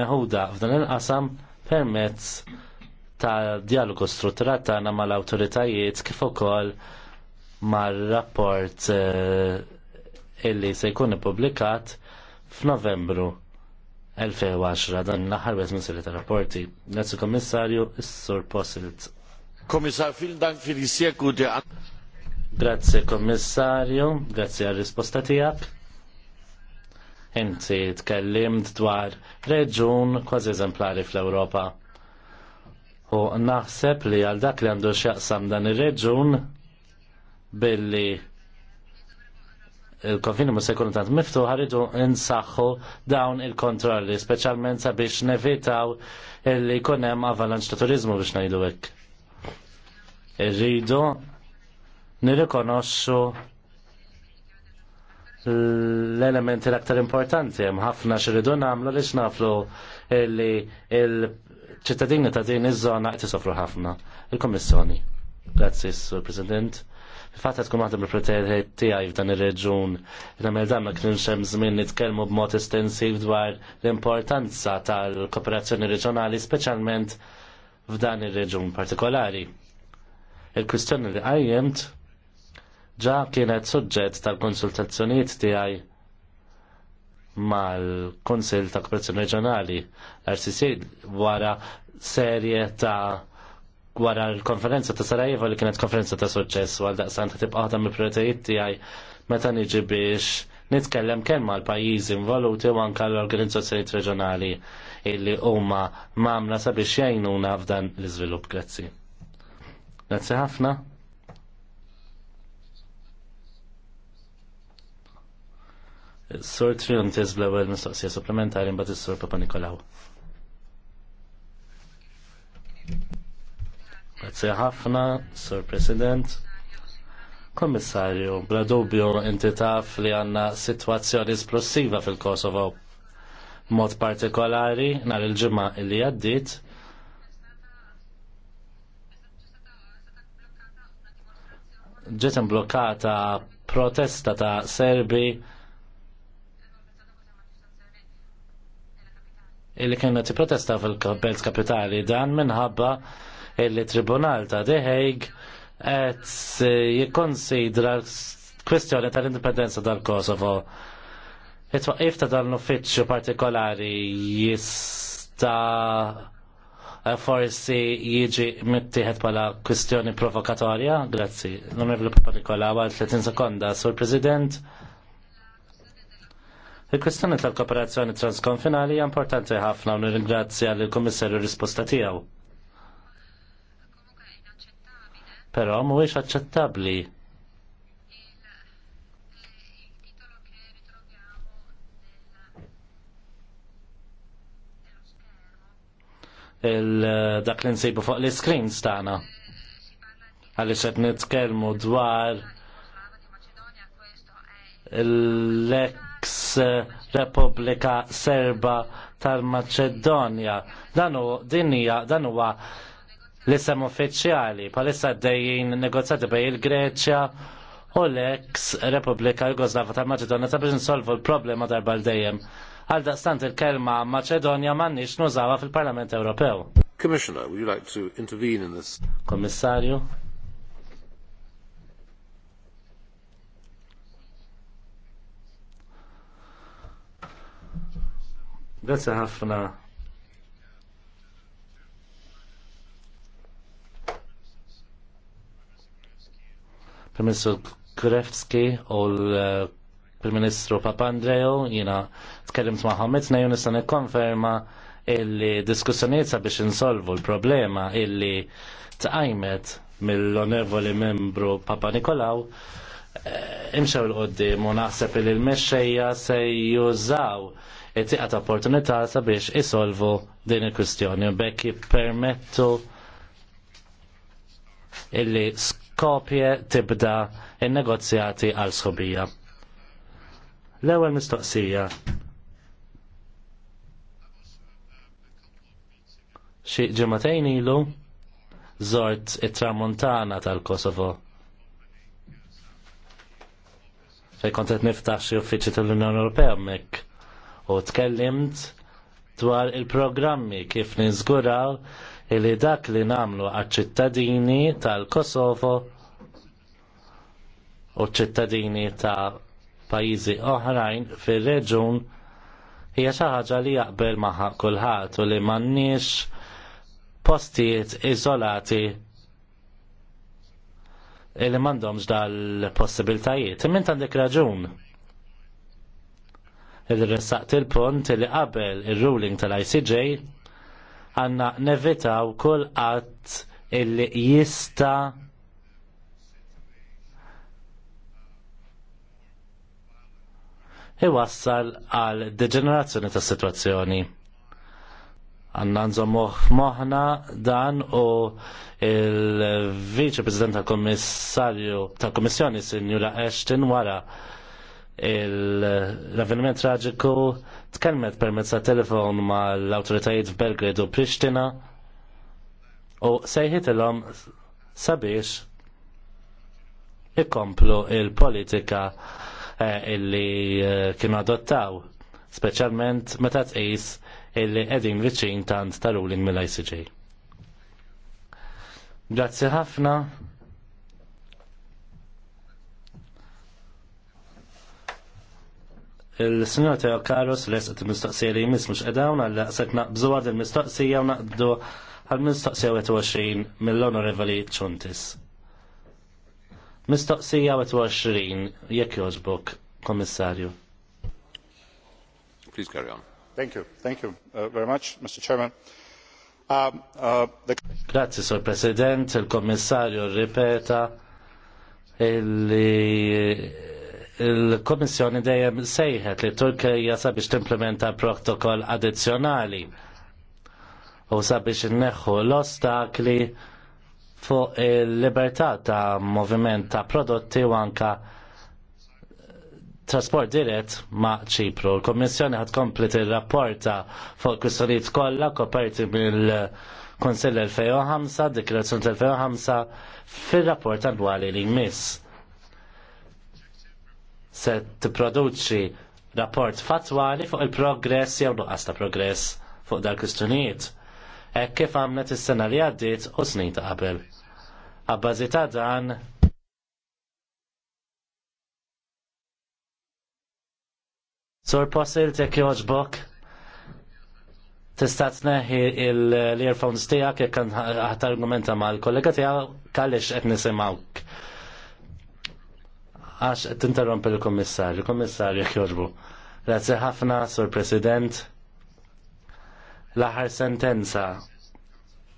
meħuda f'dan il-qasam permezz ta' dialogu strutturat tagħna mal-awtoritajiet kif ukoll mar-rapport eh, illi se jkun ippubblikat f'Novembru 2010 dan l-aħħar minn sirri ta' rapporti. Grazzi Kommissarju, is-Sur Posilt. Kommissar, fil dank fil jisjeku di Grazzi Kommissarju, grazzi għal risposta tiegħek. Inti tkellimt dwar reġun kważi eżemplari fl-Ewropa U naħseb li għal dak li għandu xjaqsam dan ir-reġun billi il-konfini mu sekunu tant miftu ħaridu insaxħu dawn il-kontrolli, specialment sabiex nevitaw illi kunem avalanċ ta' turizmu biex najdu hekk. Irridu nirrikonoxxu l-elementi l-aktar importanti, hemm ħafna xiridu nagħmlu li xnaflu illi il- ċittadini ta' din iż-żona qed isofru ħafna. Il-Kommissjoni. Grazzi, Sur President. Fatta tkun waħda il preteriet tiegħi f'dan ir-reġun. Nagħmel dan ma kienx hemm żmien nitkellmu b'mod estensiv dwar l-importanza tal-kooperazzjoni reġjonali speċjalment f'dan ir-reġun partikolari. Il-kwistjoni li għajjemt ġa kienet suġġett tal-konsultazzjonijiet tiegħi mal-Konsil ta' Kooperazzjoni Reġjonali l-RCC wara serje ta' wara l-konferenza ta' Sarajevo li kienet konferenza ta' suċċess għal daqsan ta' tibqa' ta' mill-prioritajiet tiegħi meta niġi biex nitkellem kemm mal-pajjiżi involuti u anke l-organizzazzjonijiet reġjonali illi huma mamla sabiex jgħinuna f'dan l-iżvilupp. Grazzi. Grazzi ħafna. Sur Triuntis bl-ewel mistoqsija supplementari mbagħad is-Sur Papa Nikolaw. Grazie ħafna, Sur President. Kommissarju, bla dubju inti taf li għanna situazzjoni esplosiva fil-Kosovo. Mod partikolari, nar il-ġimma illi għaddit, ġiet blokkata protesta ta' Serbi illi kienu protesta fil-Belt Kapitali dan minħabba illi Tribunal ta' The Hague qed jikkonsidra kwestjoni tal-indipendenza tal-Kosovo. Itwaqif ta' dan l-uffiċċju partikolari jista' forsi jiġi mittieħed bħala kwestjoni provokatorja? Grazzi. L-onorevoli Paparikola, għal 30 sekonda, sur President. Il-kwestjoni tal-kooperazzjoni transkonfinali hija importanti ħafna u nirringrazzja lill kummissarju risposta tiegħu. Però mhuwiex aċċettabbli il-dak li nsibu fuq l-screens stana. Għaliex qed nitkellmu dwar il-lek eks eh, Repubblika Serba tal-Maċedonja. Dan dan huwa l-isem uffiċjali palissa dejjin negozjati bej il-Greċja u l-eks Repubblika Jugoslava tal-Maċedonja ta' biex insolvu l-problema darba l-dejjem. Għal daqstant il-kelma Maċedonja m'għandniex nużawha fil-Parlament Ewropew. Commissioner, would you like to intervene in this? Kommissarju? Grazie ħafna. Permessu Kurevski u l-Prim-Ministru Papandreo jina tkellimt ma' Hamet nejju nista' nikkonferma illi diskussjonijiet sabiex insolvu l-problema illi tqajmet mill-onervoli membru Papa Nikolaw eh, imxew l-qoddim u naħseb il-mexxejja se jużaw it-tiqat opportunità sabiex isolvu din il-kwistjoni u bekk permettu illi skopje tibda il-negozjati għal sħobija. L-ewel mistoqsija. Xi ġematejn ilu zort it-tramontana tal-Kosovo. Fej kontet niftax xi uffiċċji tal-Unjoni Ewropea mek u tkellimt dwar il-programmi kif niżguraw li dak li namlu għal-ċittadini tal-Kosovo u ċittadini ta' pajjiżi oħrajn fir-reġun hija xi ħaġa li jaqbel magħha kulħadd u li m'għandniex postijiet iżolati li m'għandhomx dal-possibiltajiet. Imint għandek raġun il-ressaqt il-punt li qabel il-ruling tal-ICJ għanna nevitaw kull qatt illi jista iwassal għal deġenerazzjoni ta' situazzjoni. Għanna moħħ f'moħna dan u il viċi President tal-Kommissarju tal-Kommissjoni Sinjura Ashton wara l-avveniment traġiku tkellmet permezz ta' telefon ma' l-autoritajiet f'Belgrad u Prishtina u sejħit l-om sabiex ikomplu il-politika eh, illi eh, kienu adottaw, speċjalment meta tqis illi qegħdin viċin tant ta' ruling mill-ICJ. Grazzi ħafna. Il-Sinjor Teo Karos resqet il-mistoqsija li jmiss mux edawn għalla set naqbżu għad il-mistoqsija u naqbdu għal-mistoqsija 21 mill-Onorevoli Ċuntis. Mistoqsija 21 jek joġbuk, Komissarju. Please carry on. Thank you. Thank you uh, very much, Mr. Chairman. Uh, uh, the... Grazie, Sor President. Il-Kommissarju ripeta illi il-Komissjoni dejjem sejħet li Turkija sabiex timplementa protokoll addizzjonali u sabiex inneħħu l-ostakli fuq il-libertà ta' moviment ta' prodotti u anka trasport dirett ma' ċipru. il komissjoni ħad komplet il-rapporta fuq kwistjonijiet kollha koperti mill-Konsill 2005, Dikrazzjoni 2005 fil-rapport annwali li jmiss se tipproduċi rapport fatwali fuq il-progress jew nuqqas ta' progress fuq dal kwistjonijiet hekk kif għamlet is-sena li għaddiet u snin ta' qabel. Abbażi ta' dan Sur posil tek joġbok tista' tneħħi l-earphones tiegħek jekk ħat argumenta mal-kollega tiegħek għaliex qed nisimgħu għax tinterromp il komissar il komissar jħorbu. Grazie ħafna, sur president. L-aħar sentenza.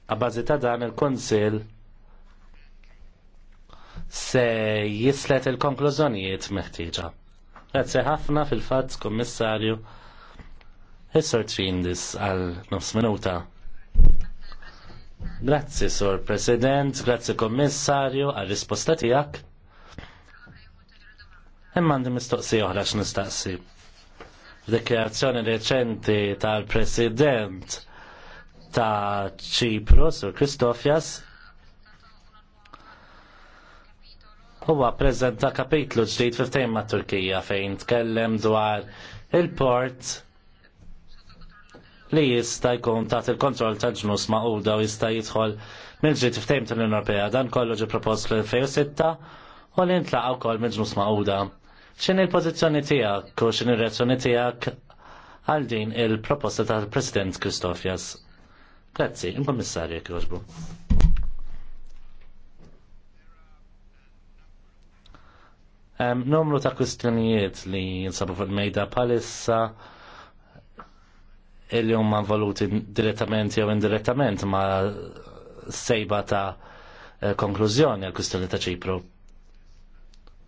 Għabbażi ta' dan il-konsil se jislet il-konklużjonijiet meħtieġa. Grazie ħafna fil-fatt, kommissarju. Is-sur Trindis għal nofs minuta. Grazzi, Sur President, grazie, komissarju, għal risposta tijak. Imma għandi mistoqsi oħra x'nistaqsi. F'dikjarazzjoni reċenti tal-President ta' Ċipru, Sur Kristofjas, huwa prezenta kapitlu ġdid tejn ma' Turkija fejn tkellem dwar il-port li jista' jkun taħt il-kontroll ta' ġnus Magħquda u jista' jidħol mill-ġdid tejn tal-Unjoni Ewropea dan kollu ġi propost fl-2006 u li ntlaqgħu wkoll mill-ġnus Magħquda. Xin il-pozizjoni tijak u xin il-reazzjoni tijak għal din il-proposta tal-President Kristofjas? Grazzi, il-Kommissarju Kjoġbu. Um, numru ta' kwistjonijiet li jinsabu fil-mejda palissa illi huma voluti direttament jew indirettament ma' sejba ta' eh, konklużjoni għal kustjoni ta' ċipru.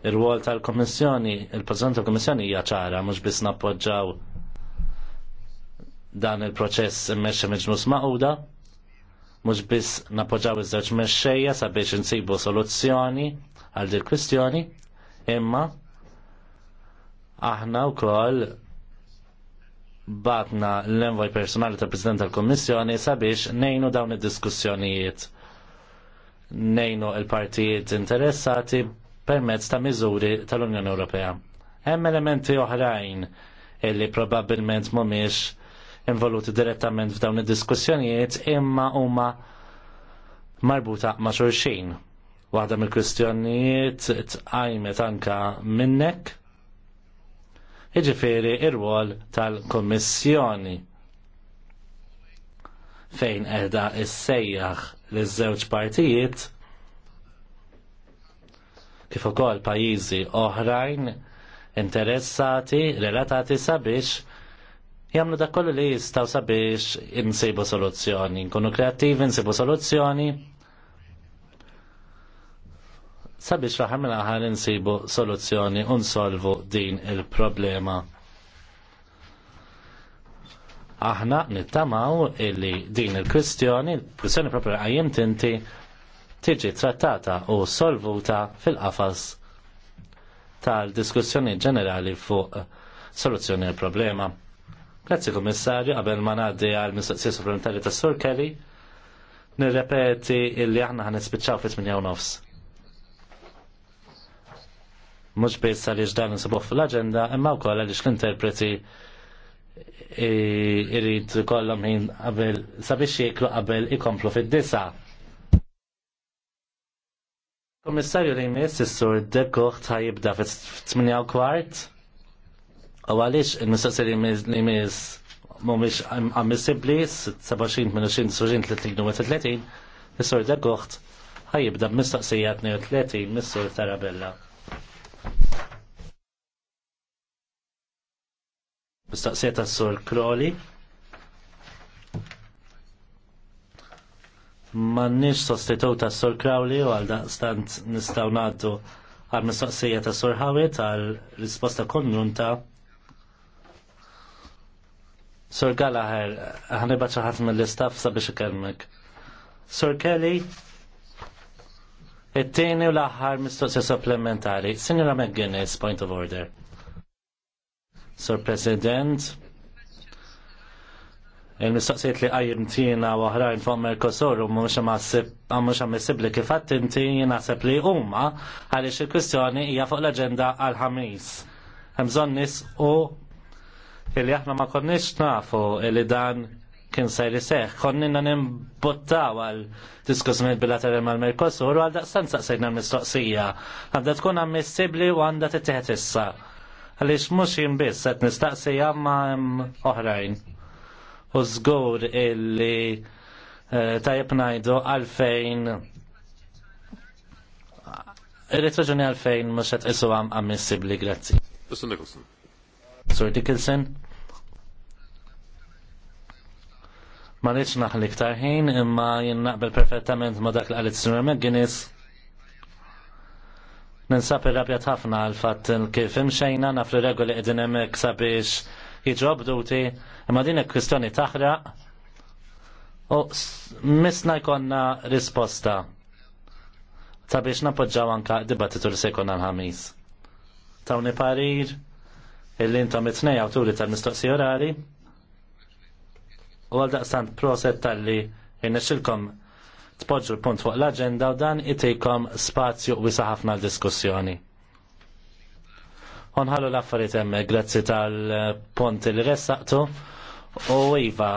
Ir-rwol tal-Kommissjoni, il-President tal-Kommissjoni hija ċara mhux biss nappoġġaw dan il-proċess immexxi miġnus maquda, mhux biss nappoġġaw iż-żewġ mexxejja sabiex insibu soluzzjoni għal dil kwistjoni imma aħna wkoll batna l-envoj personali tal President tal-Kommissjoni sabiex nejnu dawn id-diskussjonijiet nejnu il-partijiet interessati permezz ta' miżuri tal-Unjoni Ewropea. Hemm elementi oħrajn illi probabbilment mhumiex involuti direttament f'dawn id-diskussjonijiet imma huma marbuta ma' xulxin. Waħda mill-kwistjonijiet tqajmet anka minnek iġifieri ir-rwol tal-Kommissjoni fejn qiegħda issejjaħ iż żewġ partijiet kif ukoll pajjiżi oħrajn interessati, relatati sabiex jagħmlu dak kollu li jistgħu sabiex insibu soluzzjoni, nkunu kreattivi, insibu soluzzjoni sabiex fl-aħħar mill aħar insibu soluzzjoni u nsolvu din il-problema. Aħna nittamaw illi din il-kwistjoni, il-kwistjoni propri għajjem tinti, tiġi trattata u solvuta fil-qafas tal-diskussjoni ġenerali fuq soluzzjoni għal problema. Grazzi kummissarju, qabel ma ngħaddi għal mistoqsija supplementari tas Sur Kelly, nirrepeti illi aħna ħan nispiċċaw fit-8 nofs. Mhux biss għaliex dan nsibuh fl agenda imma wkoll għaliex l-interpreti irrid kollom ħin qabel sabiex jieklu qabel ikomplu fid-disa' Komissarju li jmiss is-sur Dekoħ ta' jibda f 8 kwart. U għalix, il-mistaqsi li jmiss mumiex ammissibli 27-28-30 30, is-sur Dekoħ ta' jibda ħajibda b'mistaqsija 32 mis-sur Tarabella. Mistaqsija tas-sur Kroli. nix sostitut ta' Sur Crowley u għal daqstant nistaw naddu għal mistoqsija ta' Sur Hawit għal risposta konjunta. Sor Gallagher, ħaniba ċaħat mill-istaff sabiex ikermek. Sur Kelly, it-tieni u l-aħħar mistoqsija supplementari. Signora McGuinness, point of order. Sur President, il-mistaqsijiet li għajr ntina u oħrajn fuq Mercosur u mux għamessib li kifat inti naħseb li huma għaliex il-kwistjoni hija fuq l-agenda għal-ħamis. Hemżon nis u illi aħna ma konniex nafu illi dan kien sajri seħ. Konnina nimbuttaw għal diskussjoni bilaterali mal mercosur u għal daqstan saqsejna l-mistoqsija. Għadda tkun ammissibli u għandha t-teħet issa. Għaliex mux jimbis, għet nistaqsija ma oħrajn u zgur illi eh, tajab ngħidu għalfejn Irrit raġuni għalfejn mhux qed isu għam li grazzi. Mr. Nicholson. Sir Dickinson. Ma naħli ktarħin imma jien naqbel perfettament ma dak li qalet Sir McGuinness. Ninsab irrabjat ħafna għal fatt kif imxejna naf li regoli qegħdin hemmhekk sabiex jġobdu duti, imma din kwistjoni taħraq u misna jkonna risposta ta' biex napoġġaw anka dibattitu li se għal-ħamis. Tawni parir illi intom it-tnej għawturi tal-mistoqsi orari. u għal-daqstant proset tal-li jinnexilkom tpoġġu l-punt fuq l-agenda u dan itikom spazju wisa ħafna l-diskussjoni. Onħallu l-affarijiet hemm grazzi tal-ponti li ressaqtu u iva,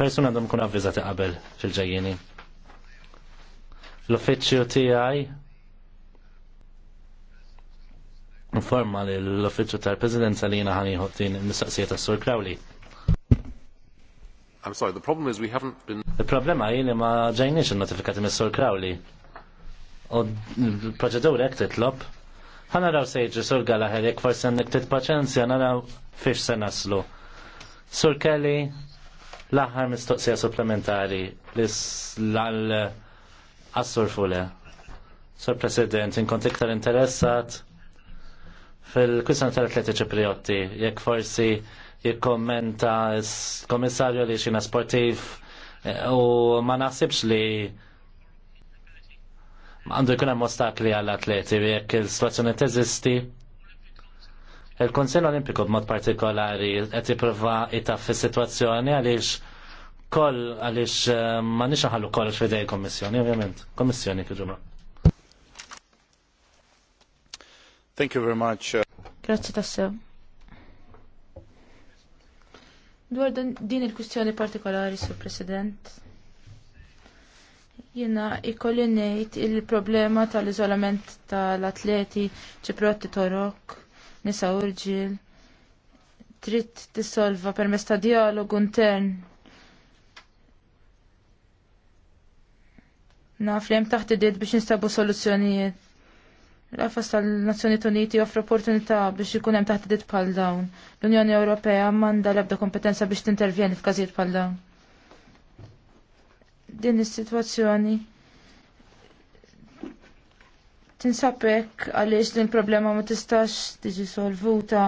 persuna għandhom kun avviżati qabel fil ġajjini L-uffiċċju tiegħi informa li l-uffiċċju tal-Presidenza li jiena ħanieħu din il-mistaqsija tas-Sur Crowley. I'm sorry, the problem is we haven't been... Il-problema jini ma ġejniex il-notifikati mis-Sur Crowley. U l-proċedura hekk titlob raw sejġi sur għalaħerek forse għandek paċenzja naraw fiex se naslu. Sur Kelly, l-aħħar mistoqsija supplementari l-assur fule. Sur President, inkont iktar interessat fil-kwissan tal-atleti ċipriotti, jekk forsi jikkommenta s-komissarju li xina sportiv eh, u ma naħsibx li għandu jkun hemm ostakli għall-atleti jekk il-situazzjoni teżisti. Il-Kunsell Olimpiku b'mod partikolari qed jipprova itaffi s-sitwazzjoni għaliex koll għaliex eh, ma nix ħallu koll f'idej kommissjoni, ovvjament. Kommissjoni kħiġumra. Thank you very much. Grazzi tassew. Dwar din il-kustjoni partikolari, Sur President. Jena ikolli ngħid il-problema tal-iżolament tal-atleti ċiprotti torok, nisa urġil, tritt Trid tissolva permezz ta' dialogu intern. Naf li hemm taħt id biex nistabu soluzzjonijiet. L-Afas tal-Nazzjoni Uniti joffre opportunità biex ikun hemm taħt id bħal dawn. L-Unjoni Ewropea manda l-ebda kompetenza biex tintervjeni f'każijiet bħal dawn din is-sitwazzjoni tinsabek għaliex din problema ma tistax tiġi solvuta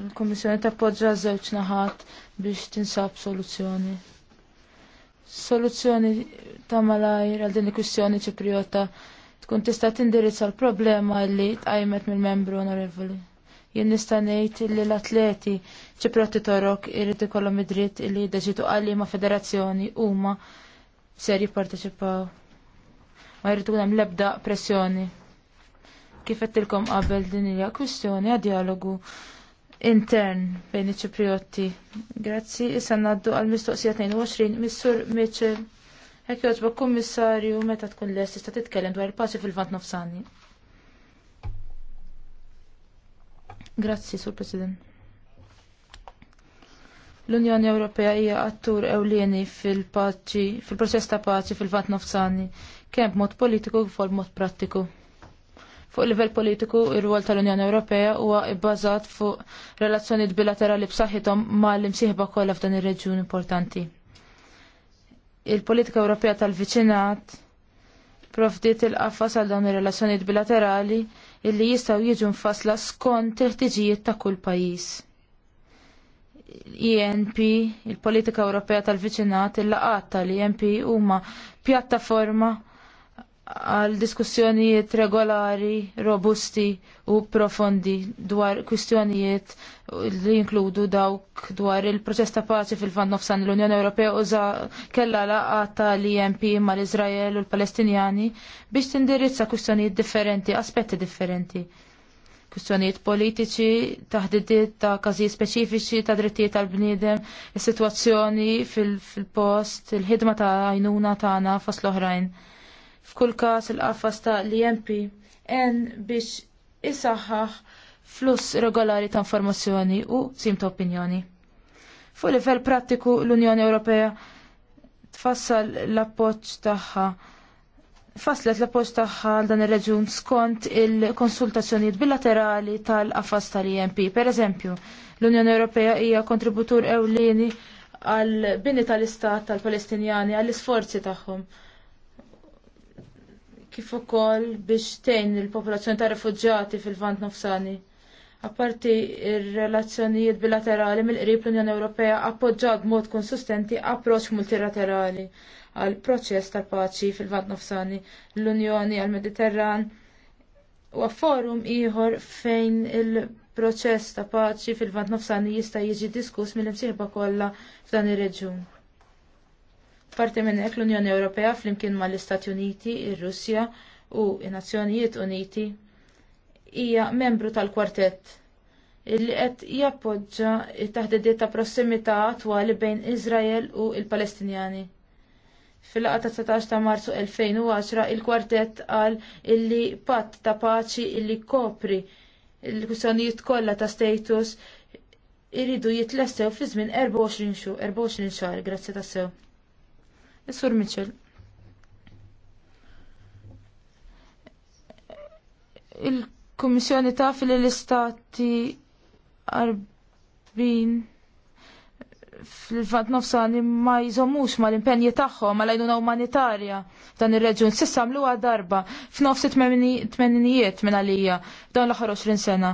l kummissjoni tappoġġa żewġ naħat biex tinsab soluzzjoni. Soluzzjoni ta' malajr għal din il-kwistjoni ċipriota tkun tista' tindirizza l-problema li tqajmet mill-membru onorevoli. Jien nista' ngħid li l-atleti ċiprioti torok irid ikollhom id-dritt li jiddeċidu għalli ma' federazzjoni huma ser jipparteċipaw. Ma jirritu hemm l-ebda pressjoni. Kif għettilkom qabel din hija kwistjoni għad dialogu intern bejn iċ Grazzi, issa ngħaddu għall mistoqsija 22 Missur Mitchell. Hekk jogħġbok kummissarju meta tkun lest tista' titkellem dwar il passi fil-vant nofsani. Grazzi, Sur President. L-Unjoni Ewropea hija attur ewlieni fil-paċi, fil-proċess ta' paċi fil-vat nofsani, kemm mod politiku kif ukoll mod prattiku. Fuq livell politiku, ir-rwol tal-Unjoni Ewropea huwa bbażat fuq relazzjonijiet bilaterali b'saħħithom mal-imsieħba kollha f'dan ir-reġjun importanti. Il-politika Ewropea tal-viċinat profdiet il-qafas għal dawn ir-relazzjonijiet bilaterali illi jistgħu jiġu mfassla skont il-ħtiġijiet ta' kull pajjiż. ENP, il-Politika Ewropea tal-Viċinat, il-laqat tal-ENP huma pjattaforma għal diskussjonijiet regolari, robusti u profondi dwar kwistjonijiet li jinkludu dawk dwar il-proċess ta' paċi fil-fan nofsan l-Unjoni Ewropea za kella laqa tal-IMP mal-Izrael u l-Palestinjani biex tindirizza kwistjonijiet differenti, aspetti differenti kwistjonijiet politiċi, taħdidiet ta' każijiet speċifiċi ta' drittijiet tal-bniedem, is-sitwazzjoni fil-post, il-ħidma ta' għajnuna tagħna fost l-oħrajn. F'kull każ il-qafas ta' l-IMP en biex isaħħaħ fluss regolari ta' informazzjoni u sim ta' opinjoni. Fuq livell prattiku l-Unjoni Ewropea tfassal l-appoġġ tagħha faslet l-appoġġ tagħha għal dan ir-reġun skont il-konsultazzjonijiet bilaterali tal-qafas tal-IMP. Pereżempju, l-Unjoni Ewropea hija kontributur ewlieni għal bini tal-istat tal-Palestinjani għall isforzi tagħhom. Kif ukoll biex tgħin il-popolazzjoni ta' refuġġati fil-Vant Nofsani. Apparti ir-relazzjonijiet bilaterali mill-qrib l-Unjoni Ewropea appoġġat b'mod konsistenti approċċ multilaterali għal proċess tal-paċi fil-Vant Nofsani l-Unjoni għall mediterran u forum ieħor fejn il-proċess ta' paċi fil-Vant Nofsani jista' jiġi diskuss mill-imsieħba kollha f'dan ir-reġjun. Parti minn hekk l-Unjoni Ewropea flimkien mal-Istati Uniti, ir-Russja u n-Nazzjonijiet Uniti hija membru tal-kwartett illi qed jappoġġa t taħdidiet ta' prossimità attwali bejn Iżrael u l-Palestinjani. Fil-laqa ta' 17 ta' marzu 2010 il-kwartett qal illi patt ta' paċi illi kopri il-kussjonijiet kollha ta' status iridu jitlessew fi żmien 24 xu, 24 xahar, grazzi ta' sew. Is-Sur Mitchell. Il-Kummissjoni taf li l-istati arbin fil nofsa nofsani ma jizomux ma l-impenji tagħhom ma lajnuna umanitarja dan ir-reġun sissa mluwa darba f'nofs tmeninijiet minn għalija dawn l-aħħar 20 sena.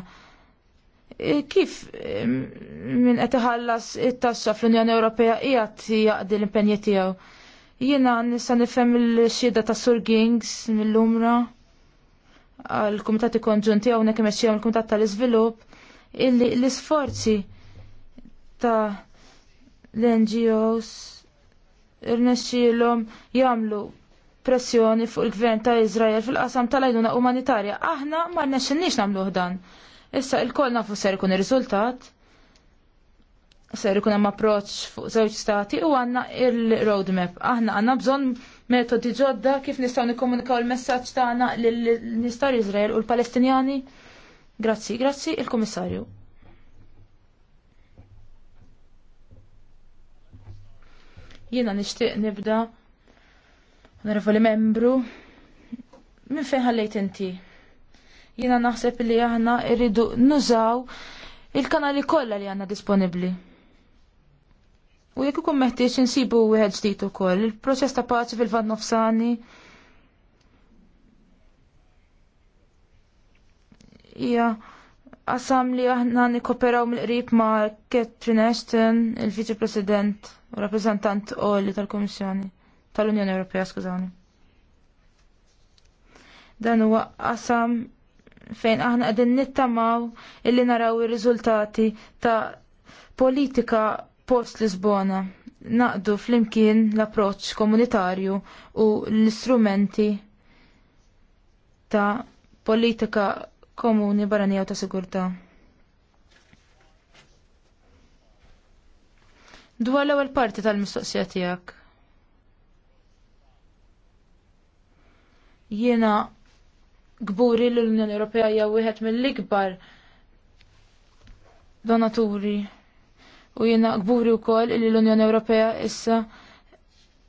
E, kif e, minn qed iħallas it-taxxa fl-Unjoni Ewropea qiegħed jaqdi l-impenji tiegħu? Jiena nista' nifhem il-xhieda ta' Sur Gings mill-Umra għal-Kumitati Konġunti hawnhekk imexxija mill-Kumitat tal-Iżvilupp illi l-isforzi ta' l-NGOs irnexxielhom jagħmlu pressjoni fuq il-gvern ta' Iżrael fil-qasam tal-għajnuna umanitarja. Aħna ma rnexxinniex nagħmluh dan. Issa il koll nafu ser ikun ir-riżultat ser ikun hemm approċċ fuq żewġ stati u għandna il-roadmap. Aħna għandna bżonn metodi ġodda kif nistgħu nikkomunikaw il-messaġġ tagħna lin nistar Iżrael u l-Palestinjani. Grazzi, grazzi il-Kummissarju. Jiena nixtieq nibda li membru minn fejn ħallejt inti. Jiena naħseb li aħna rridu nużaw il-kanali kollha li għandna disponibbli. U jekk ikun meħtieġ insibu wieħed ġdid ukoll, il-proċess ta' paċi fil-vad nofsani hija qasam li aħna nikoperaw mill-qrib ma' Catherine Ashton, il-Viċi President u rappreżentant Oli tal-Kummissjoni tal-Unjoni Ewropea, skużawni. Dan huwa qasam fejn aħna qegħdin nittamaw illi naraw ir-riżultati ta' politika post-Lisbona naqdu flimkien l-approċċ komunitarju u l-istrumenti ta' politika komuni barranija ta' sigurtà. Dwar l-ewwel parti tal-mistoqsija tiegħek. Jiena gburi l-Unjoni Ewropea hija wieħed mill-ikbar donaturi u jiena gburi wkoll li l-Unjoni Ewropea issa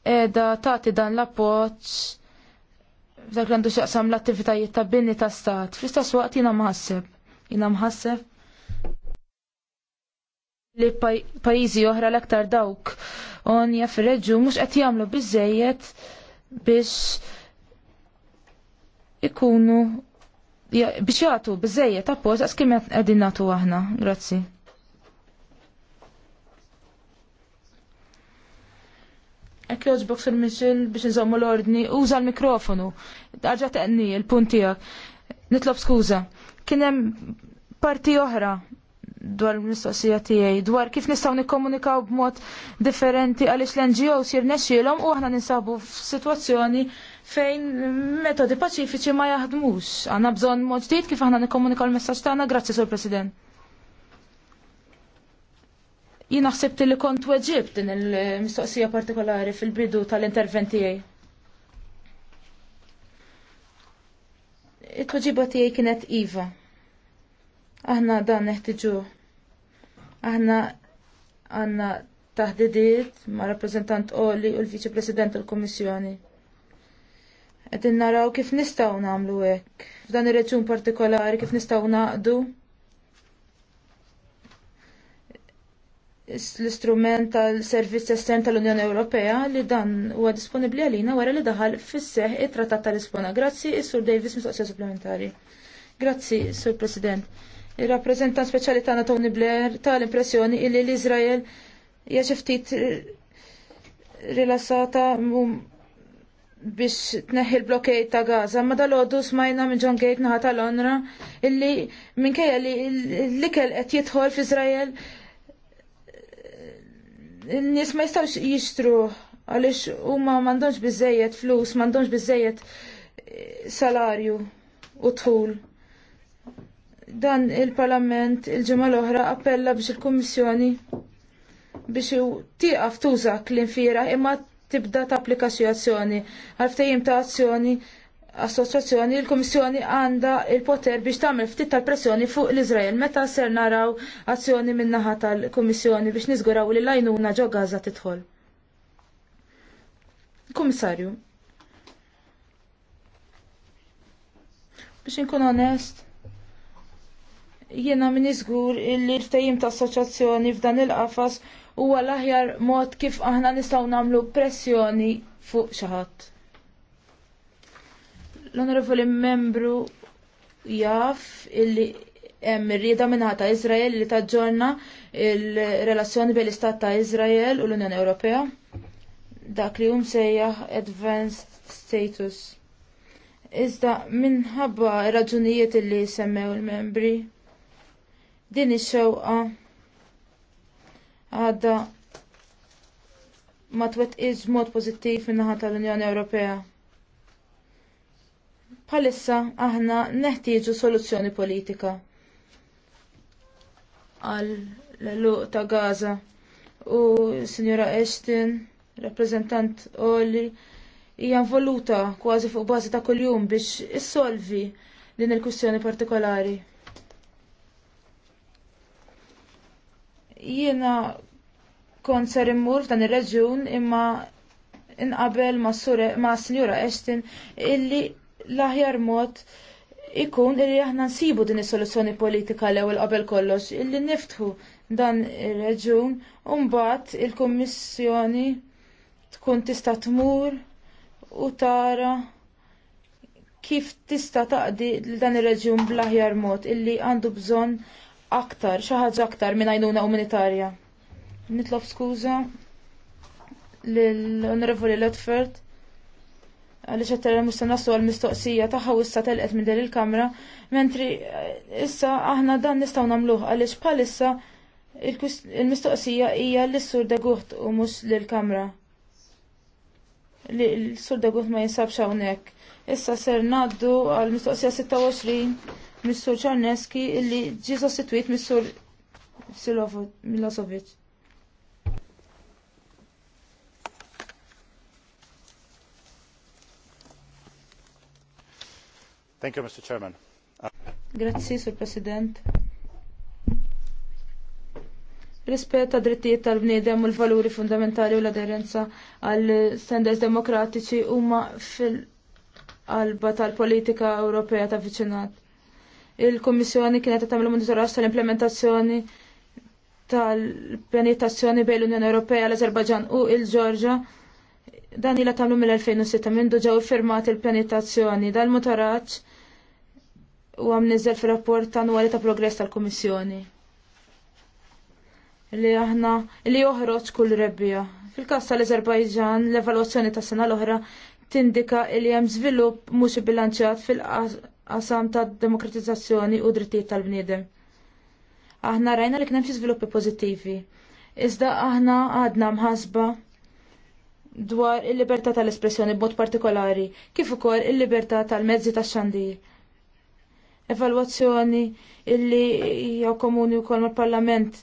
qiegħda tagħti dan l-appoġġ dak għandu xaqsam l-attivitajiet ta' binni ta' stat. Fl-istess waqt jina mħasseb. Jina mħasseb li pajizi oħra l-aktar dawk on jaffirreġu mux qed jagħmlu bizzejiet biex ikunu biex jagħtu bizzejiet appoġġ għas kemm qegħdin nagħtu aħna. Grazzi. Ek joġbok sul biex nżommu l-ordni, uża l-mikrofonu. t teqni il-puntijak. Nitlob skuża. Kienem parti oħra dwar l-mistoqsija tiegħi dwar kif nistgħu nikkomunikaw b'mod differenti għaliex l sir nesġilom u aħna ninsabu f'sitwazzjoni fejn metodi paċifiċi ma jaħdmux. Għandna bżonn mod ġdid kif aħna nikomunikaw l-messaġġ tagħna, grazzi sur President. Jien naħseb li kont weġib din il-mistoqsija partikolari fil-bidu tal-intervent tiegħi. It-tweġiba tiegħi kienet Iva. Aħna dan neħtiġu. Aħna għandna taħdidiet ma' rappreżentant Oli u l-Viċi President tal-Kummissjoni. Qegħdin naraw kif nistgħu nagħmlu hekk f'dan ir-reġjun partikolari kif nistgħu naqdu. l-istrument tal-Servizz Estern tal-Unjoni Ewropea li dan huwa disponibbli għalina wara li daħal fis-seħ it-Trattat tal-Lisbona. Grazzi, Sur Davis, mistoqsija supplementari. Grazzi, Sur President. Ir-rappreżentant speċjali tagħna Tony Blair tal-impressjoni illi l-Iżrael hija xi ftit rilassata biex tneħħi l-blokkejt ta' Gaza, ma dal smajna minn John Gate naħa tal-onra illi minkejja li l-ikel qed jidħol f'Iżrael n-nies ma jistawx jixtru għaliex huma m'għandhomx bizzejet flus, m'għandhomx bizzejet eh, salarju u tħul. Dan il-Parlament il-ġimgħa l-oħra appella biex il-Kummissjoni biex tieqaf l infira imma tibda ta' applikazzjoni għalftajim għal ta' azzjoni assoċjazzjoni l-Kummissjoni għandha il-poter biex tagħmel ftit tal-pressjoni fuq l-Iżrael meta ser naraw azzjoni min-naħa tal-Kummissjoni biex niżguraw li l-għajnuna ġo Gaza tidħol. Kummissarju. Biex inkun onest, jiena min iżgur illi l-ftajim ta' assoċjazzjoni f'dan il-qafas huwa l-aħjar mod kif aħna nistgħu nagħmlu pressjoni fuq xi ħadd. L-onorevoli membru jaf illi hemm irrieda ta' Iżrael li taġġorna il-relazzjoni bejn l-Istat ta' Iżrael u l-Unjoni Ewropea. Dak li hum sejjaħ advanced status. Iżda minħabba raġunijiet li semmew il-membri din ix-xewqa għadha ma twettqix mod pożittiv min-naħa tal-Unjoni Ewropea. Bħalissa aħna neħtieġu soluzzjoni politika għal l-luq ta' Gaza u Sinjora Ashton, rappreżentant Oli, hija involuta kważi fuq bażi ta' kuljum biex issolvi din il-kwistjoni partikolari. Jiena kont ser immur f'dan ir-reġjun imma inqabel ma' Sinjora Ashton illi l-aħjar mod ikun illi aħna nsibu din is-soluzzjoni politika l-ewwel qabel kollox illi niftħu dan ir-reġun u mbagħad il-Kummissjoni tkun tista' tmur u tara kif tista' taqdi l dan ir-reġjun bl-aħjar mod illi għandu bżonn aktar, xi ħaġa aktar minn għajnuna umanitarja. Nitlob skuża lill-Onorevoli Lotford għaliex għattara musta naslu għal-mistoqsija taħħa issa telqet minn din il-kamra, mentri issa aħna dan nistgħu nagħmluh għaliex bħalissa il-mistoqsija hija lis-sur Daguħt u mhux lill-kamra. l-sur Daguħt ma jinsabx hawnhekk. Issa ser ngħaddu għal-mistoqsija 26 mis-sur Czarneski illi ġie sostituit mis-sur Milosovic. Thank you, Mr. Chairman. Grazzi, Sur President. Rispett ta' drittijiet tal-bniedem u l-valuri fundamentali u l-aderenza għal standards demokratiċi huma fil-qalba tal-politika Ewropea ta' viċinat. Il-Kommissjoni kienet tagħmel monitoraġġ tal-implementazzjoni tal-penitazzjoni bejn l-Unjoni Ewropea, l-Azerbajġan u l-Ġorġa Dan ila tamlu mill-2006 mindu ġew firmat il-pianitazzjoni dal-motoraġġ u għam nizzel fil-rapport annwali ta' progress tal-Komissjoni. Li aħna li joħroġ kull rebbija. Fil-kas tal-Azerbajġan, l-evaluazzjoni ta' sena l-oħra tindika li hemm żvilupp mhux bilanċjat fil-qasam ta' demokratizzazzjoni u drittijiet tal-bniedem. Aħna rajna li kien hemm xi żviluppi pożittivi. Iżda aħna għadna mħasba dwar il-libertà tal-espressjoni b'mod partikolari, kif ukoll il-libertà tal-mezzi tax-xandir. Evalwazzjoni illi hija komuni wkoll mal-Parlament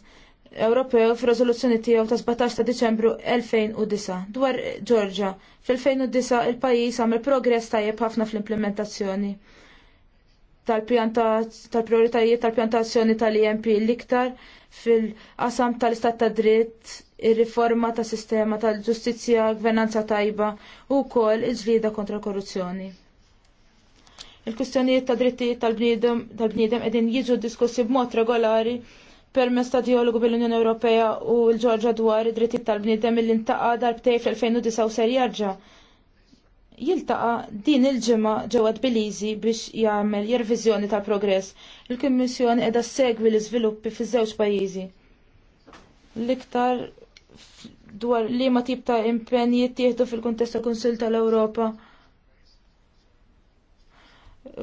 Ewropew f'riżoluzzjoni tiegħu ta' 17 ta' Diċembru 2009 dwar Ġorġa. Fl-2009 il-pajjiż għamel progress tajjeb ħafna fl-implementazzjoni tal-prioritajiet tal-pjantazzjoni tal-EMP l-iktar fil-qasam tal-istat ta' dritt ir-riforma ta' sistema tal-ġustizzja, gvernanza tajba u wkoll il-ġlida kontra korruzzjoni Il-kustjonijiet ta' drittijiet tal-bniedem qegħdin jiġu diskussi b'mod regolari permess ta' dialogu bil-Unjoni Ewropea u l-ġorġa dwar id dritti tal-bniedem li intaqa darbtej fl-2009 ser jarġa' jiltaqa din il-ġimgħa ġewwa Tbilisi biex jagħmel jervizjoni tal-progress. Il-Kummissjoni qiegħda segwi l-iżviluppi fiż-żewġ pajjiżi. L-iktar dwar li ma tip ta' impenn jittieħdu fil-kontest ta' Kunsil tal-Ewropa.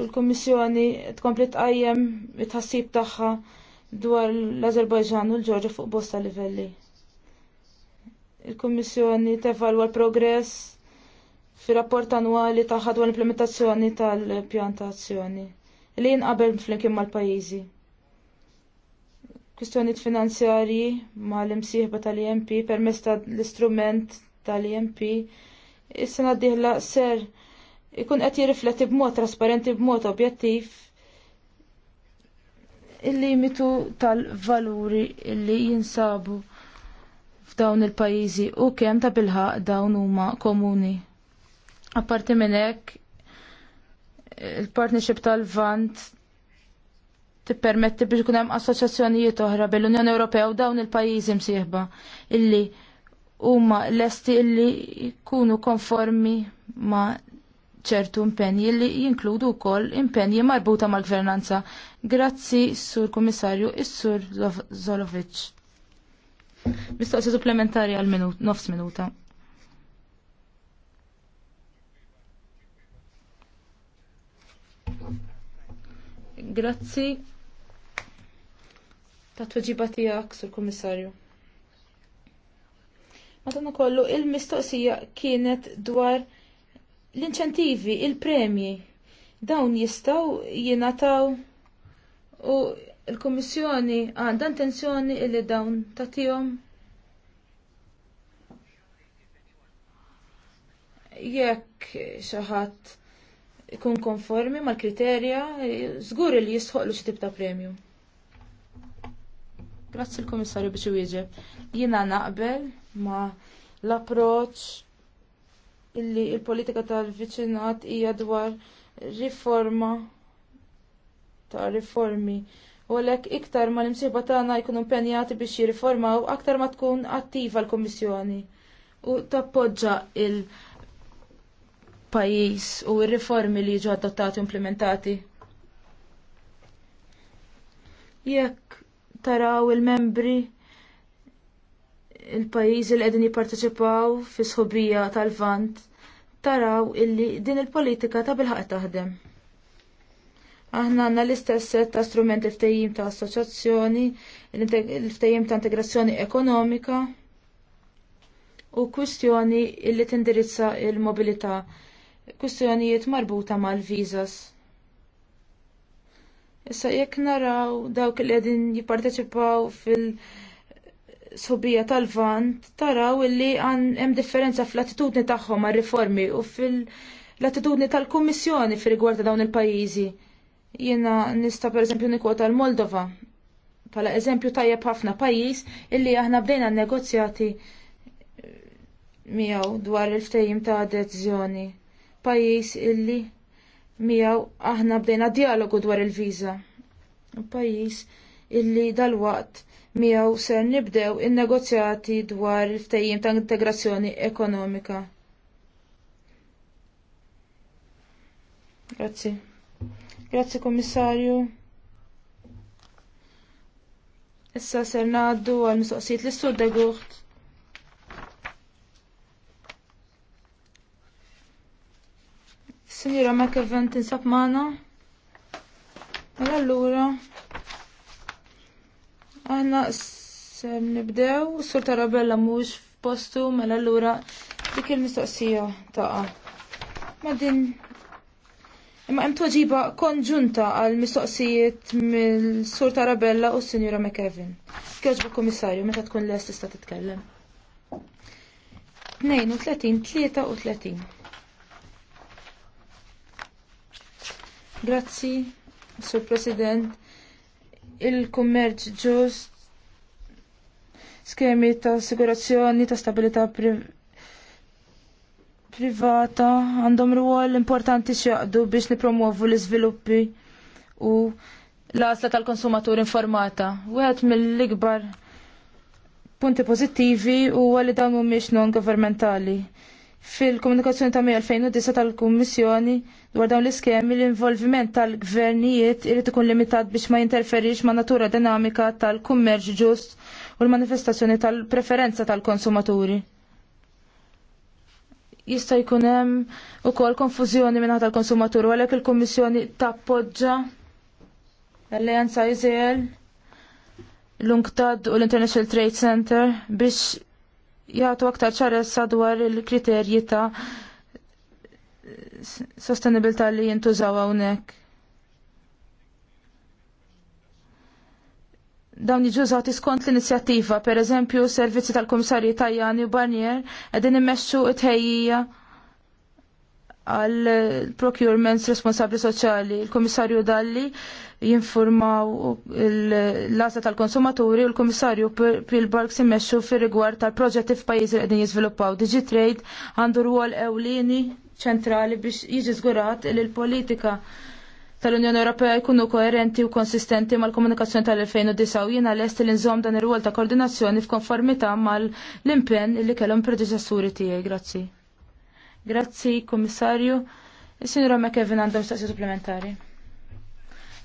Il-Kummissjoni tkompli tqajjem it-ħassib tagħha dwar l-Azerbajġan u l-Ġorġa fuq bosta livelli. Il-Kummissjoni tevalwa l-progress fi rapport annwali tagħha dwar l-implementazzjoni tal-pjantazzjoni li jinqabel fl-imkien mal-pajjiżi kwistjonijiet finanzjarji mal-imsieħba tal-IMP permezz tal-istrument tal-IMP is-sena d-dieħla ser ikun qed jirrifletti b'mod trasparenti b'mod objettiv il-limitu tal-valuri li jinsabu f'dawn il-pajjiżi u kemm ta' bilħa dawn huma komuni. Apparti minn hekk il-partnership tal-Vant tippermetti biex ikun hemm assoċjazzjonijiet oħra bil-Unjoni Ewropea u dawn il-pajjiżi msieħba illi huma lesti illi jkunu konformi ma' ċertu impenji li jinkludu wkoll impenji marbuta mal-gvernanza. Grazzi, Sur Kummissarju, is-Sur Zolovic. Mistoqsi supplementari għal minut, nofs minuta. Grazzi ta' tweġiba tiegħek sur kummissarju. Madonna kollu il-mistoqsija kienet dwar l-inċentivi, il-premji. Dawn jistaw jinataw u l-Kummissjoni għandha intenzjoni illi dawn tagħtihom jekk xi ħadd ikun konformi mal-kriterja, żgur li jisħoqlu xi tip ta' premju. Grazzi l-Komissarju biex wieġeb. Jiena naqbel ma l-approċ illi il-politika tal-viċinat hija dwar riforma ta' riformi. U għalek iktar ma l-imsiba tagħna jkunu impenjati biex jirriformaw aktar ma tkun attiva l-Kummissjoni u tappoġġa il pajjiż u r-riformi li ġu adottati u implementati. Jekk taraw il-membri il-pajjiżi li qegħdin jipparteċipaw fi sħobija tal-vant taraw illi din il-politika ta' bilħaq taħdem. Aħna għandna l-istess set ta' strumenti ftejjim ta' assoċjazzjoni, l-ftejjim ta' integrazzjoni ekonomika u kwistjoni illi tindirizza il-mobilità, kwistjonijiet marbuta mal-vizas. Issa jekk naraw dawk li qegħdin jipparteċipaw fil- sobija tal-vant taraw illi hemm differenza fl-attitudni tagħhom għal riformi u fil-attitudni tal-Kummissjoni fil rigward dawn il-pajjiżi. Jiena nista' pereżempju nikwota l-Moldova bħala eżempju tajjeb ħafna pajjiż illi aħna bdejna negozjati miegħu dwar il ftejim ta' adezzjoni. Pajjiż illi miegħu aħna bdejna dialogu dwar il-viża. Pajjiż illi dalwaqt miegħu ser nibdew in-negozjati dwar il-ftejjim ta' integrazzjoni ekonomika. Grazzi. Grazzi Kommissarju. Issa ser ngħaddu għal mistoqsijiet l-istur ma McEvan tinsab magħna. Mela allura aħna sem nibdew, sur tarabella mhux f'postu, mela allura dik il-mistoqsija taqa. Ma din Imma hemm toġiba konġunta għal mistoqsijiet mill-Sur Tarabella u s-Sinjura McEvin. Kjoġba komissarju, meta tkun lest tista' titkellem. 32, 33. Grazzi, Sur President. Il-kummerċ ġust skemi ta' assigurazzjoni ta' stabilità privata għandhom ruol importanti xaqdu biex nipromuovu l-iżviluppi u l-asla tal-konsumatur informata. Wieħed mill-ikbar punti pożittivi huwa li dan mhumiex non governmentali. Fil-komunikazzjoni ta' 2009 tal-Kummissjoni dwar dawn l-iskemi l-involviment tal-gvernijiet irid ikun limitat biex ma jinterferix ma' natura dinamika tal-kummerġ ġust u l-manifestazzjoni tal-preferenza tal-konsumaturi. Jista' jkun hemm ukoll konfużjoni minn tal-konsumatur għalhekk il-Kummissjoni tappoġġa l-Alleanza IZL l-UNCTAD u l-International Trade Center biex jgħatu aktar ċaressa dwar il-kriterji ta' sostenibilità li jintużaw hawnhekk. Dawn jiġu tiskont skont l-inizjattiva, pereżempju servizzi tal-Kummissarji Tajani u Barnier qegħdin immexxu t ħejjija għal procurements responsabli soċjali. Il-Komissarju Dalli jinformaw l-lasa tal-konsumaturi u l-Komissarju Pilbark simmexxu fir rigward tal-proġetti f'pajjiżi li qegħdin jiżviluppaw. Digitrade għandu rwol ewlieni ċentrali biex jiġi żgurat li l-politika tal-Unjoni Ewropea jkunu koerenti u konsistenti mal-komunikazzjoni tal-2009 u jiena lest li nżomm dan ir-rwol ta' koordinazzjoni f'konformità mal-impenn li kellhom predeċessuri tiegħi. Grazzi. Grazzi, Komissarju. Is-Sinjura McKevin għandhom staqsi supplementari.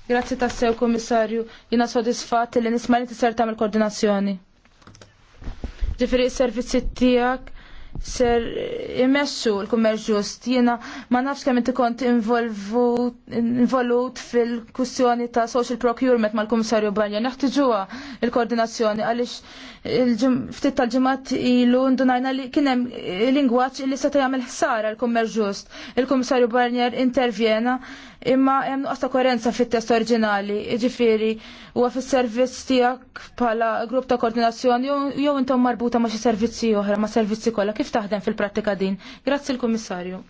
Grazzi tassew, Komissarju. Jina sodisfat li nisma li tisser tagħmel koordinazzjoni. Ġifiri, s-servizzi tijak ser imessu l-kummerġ ġust. Jiena ma nafx kemm inti kont involut fil-kussjoni ta' social procurement mal-Kummissarju Banja. Neħtiġuha il-koordinazzjoni għaliex ftit tal-ġimat ilu ndunajna li kienem lingwaċ li seta jagħmel ħsara l-kummer ġust. Il-Kummissarju Barnier intervjena imma hemm nuqqas ta' koerenza fit-test oriġinali, jiġifieri huwa fis-servizz tiegħek bħala grupp ta' koordinazzjoni jew intom marbuta ma' xi servizzi oħra, ma' servizzi kollha kif taħdem fil-prattika din. Grazzi l-Kummissarju.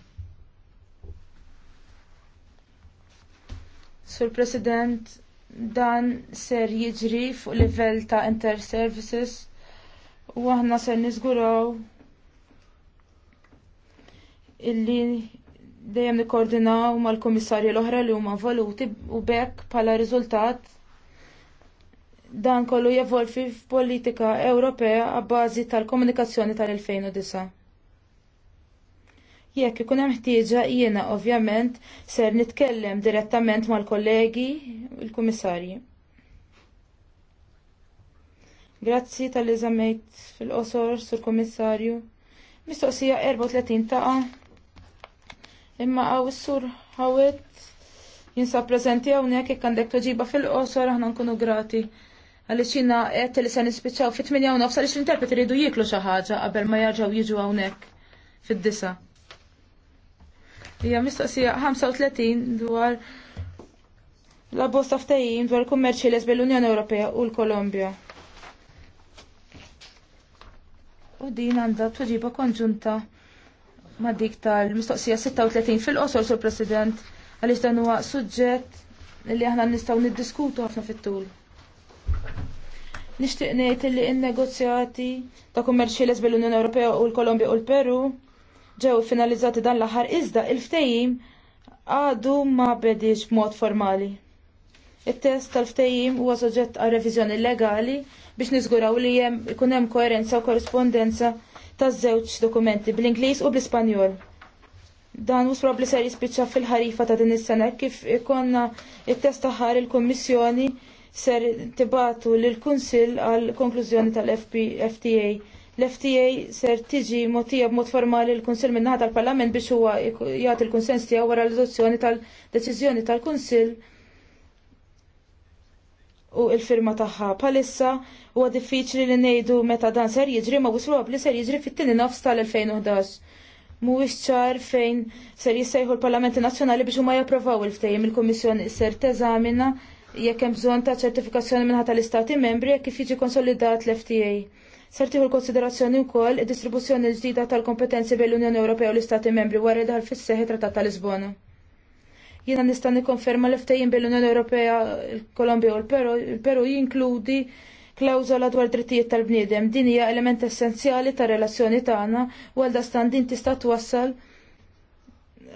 Sur President, dan ser jiġri fuq livell ta' inter-services u aħna ser niżguraw illi dejjem nikkoordinaw mal-kummissarji l-oħra li huma voluti u bekk bħala riżultat dan kollu jevolvi f'politika Ewropea għabbażi tal-komunikazzjoni tal-2009. Jekk ikun hemm ħtieġa jiena ovvjament ser nitkellem direttament mal-kollegi il-kummissarji. Grazzi tal eżamejt fil-qosor sur kummissarju. Mistoqsija 34 taqa. Imma għaw sur ħawet jinsa prezenti hawnhekk jekk għandek toġiba fil-qosor aħna nkunu grati Għalli xina għet li se nispiċaw fit-8 u nofsa għalix l-interpreti rridu jiklu xaħġa qabel ma jarġaw jiġu għawnek fid-disa hija mistoqsija 35 dwar l bosta ftajim dwar kummerċi les l unjoni Ewropea u l-Kolombja. U din għandha tweġiba konġunta ma' dik tal-mistoqsija 36 fil-qosor sur President għaliex dan huwa suġġett li aħna nistgħu niddiskutu ħafna fit-tul. Nixtieq ngħid li n-negozjati ta' kummerċi les l unjoni Ewropea u l-Kolombja u l-Peru ġew finalizzati dan l-aħħar iżda il ftehim għadu ma bediex b'mod formali. Il-test tal ftehim huwa soġġett għal reviżjoni legali biex niżguraw li hemm ikun hemm koerenza u korrispondenza taż-żewġ dokumenti bl-Ingliż u bl-Ispanjol dan mhux probabbli ser jispiċċa fil-ħarifa ta' din is-sena kif ikonna it-test taħar il-Kummissjoni ser tibatu lil kunsill għal konklużjoni tal-FTA L-FTA ser tiġi motija b'mod formali l-Kunsill minnaħat tal-Parlament biex huwa jagħti l-kunsens tiegħu wara l-adozzjoni tal-deċiżjoni tal-Kunsill u l-firma tagħha palissa huwa diffiċli li ngħidu meta dan ser jiġri ma wislu li ser jiġri fit-tieni nofs tal-2011. Mhuwiex ċar fejn ser jissejħu l-Parlamenti Nazzjonali biex huma japprovaw il-ftehim il-Kummissjoni ser teżamina jekk hemm bżonn ta' ċertifikazzjoni minħata tal-Istati membri jekk kif jiġi konsolidat l-FTA. Ser tieħu l-konsiderazzjoni wkoll id-distribuzzjoni l-ġdida tal-kompetenzi bejn l-Unjoni Ewropea u l-Istati membri wara li fis-seħi Trattat ta' Lisbona. Jiena nista' nikkonferma l-ftehim bejn l-Unjoni Ewropea, l kolombja u l-Peru jinkludi klawżola dwar drittijiet tal-bniedem. Din hija element essenzjali tar-relazzjoni tagħna u għal din tista' twassal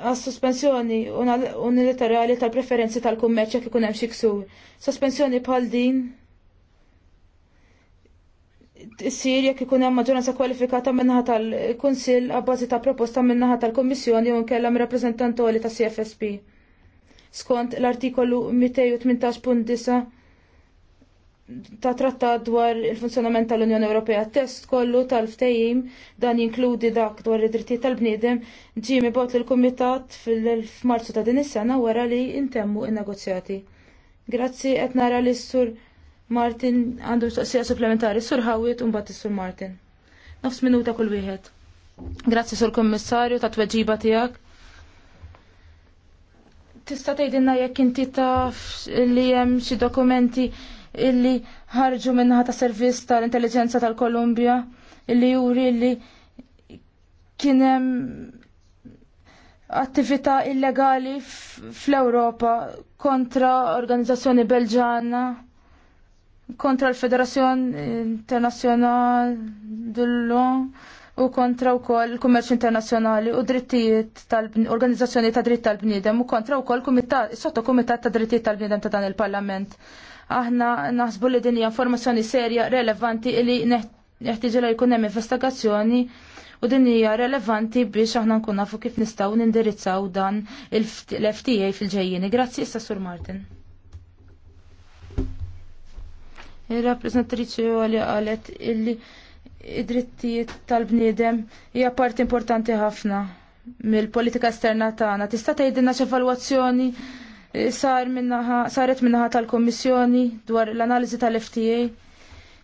għas-sospensjoni unilaterali tal-preferenzi tal-kummerċ jekk ikun hemm xi ksur. Sospensjoni bħal din issir jekk ikun hemm maġġoranza kwalifikata minnaħa tal-Kunsill għabbażi ta' proposta minnaħa tal-Kummissjoni u nkellem rappreżentantoli ta' CFSP. Skont l-artikolu 218.9 ta' trattat dwar il-funzjonament tal-Unjoni Ewropea test kollu tal-ftejim dan jinkludi dak dwar id-drittijiet tal-bniedem ġimi bot l kumitat fil-Marzu ta' din is-sena wara li intemmu in-negozjati. Grazzi qed nara li sur Martin għandu mistoqsija supplementari sur Hawit u mbagħad is-sur Martin. Nofs minuta kull wieħed. Grazzi sur Kommissarju ta' tweġiba tiegħek tista' tgħidilna jekk inti taf li hemm xi dokumenti illi ħarġu minnaħa ta' servizz tal-intelligenza tal-Kolumbja illi juri illi kienem attività illegali fl-Europa kontra organizzazzjoni belġana kontra l-Federazzjon Internazzjonal dullum u kontra wkoll il-kummerċ internazzjonali u drittijiet tal-organizzazzjoni ta' dritt tal-bniedem u kontra wkoll sotto kumitat ta' drittijiet tal-bniedem ta' dan il-Parlament. Aħna naħsbu li din hija informazzjoni serja relevanti li neħtieġu li jkun hemm investigazzjoni u din hija relevanti biex aħna nkun nafu kif nistgħu nindirizzaw dan l-FTA fil-ġejjieni. Grazzi issa Sur Martin. Il-rappresentatriċi għalli qalet illi id-drittijiet tal-bniedem hija parti importanti ħafna mill-politika esterna tagħna. Tista' tgħidilna x'evalwazzjoni sar minnaħa, saret minnaħa tal-Kommissjoni dwar l-analiżi tal-FTA.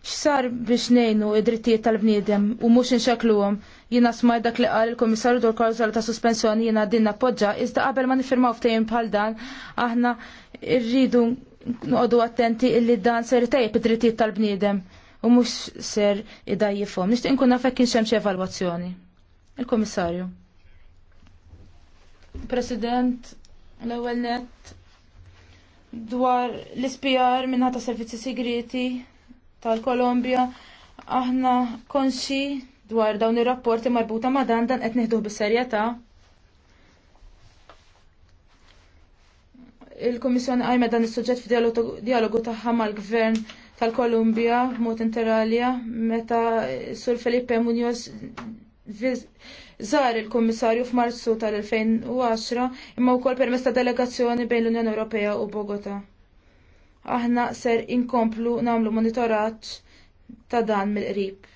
X'sar biex ngħinu id-drittijiet tal-bniedem u mhux inxekluhom jiena smaj dak li qal il-Kummissarju dwar klawżola ta' suspensjoni jiena dinna poġġa, iżda qabel ma nifirmaw ftehim bħal dan aħna rridu noqogħdu attenti illi dan ser tejjeb id-drittijiet tal-bniedem u mux ser idajjifom. Nixtieq inkun nafek kien xemx evalwazzjoni. Il-Komissarju. President, l-ewwel net dwar l-ispijar minna ta' servizzi segreti tal-Kolombja. Aħna konxi dwar dawn ir-rapporti marbuta ma' dan dan qed nieħduh bis-serjetà. Il-Kummissjoni għajma dan is-suġġett dialogu tagħha mal-Gvern tal-Kolumbja b'mod interalja meta Sur Felipe Munoz żar il-Kummissarju f'Marzu tal-2010 imma wkoll permezz ta' delegazzjoni bejn l-Unjoni Ewropea u Bogota. Aħna ser inkomplu nagħmlu monitoraġġ ta' dan mill-qrib.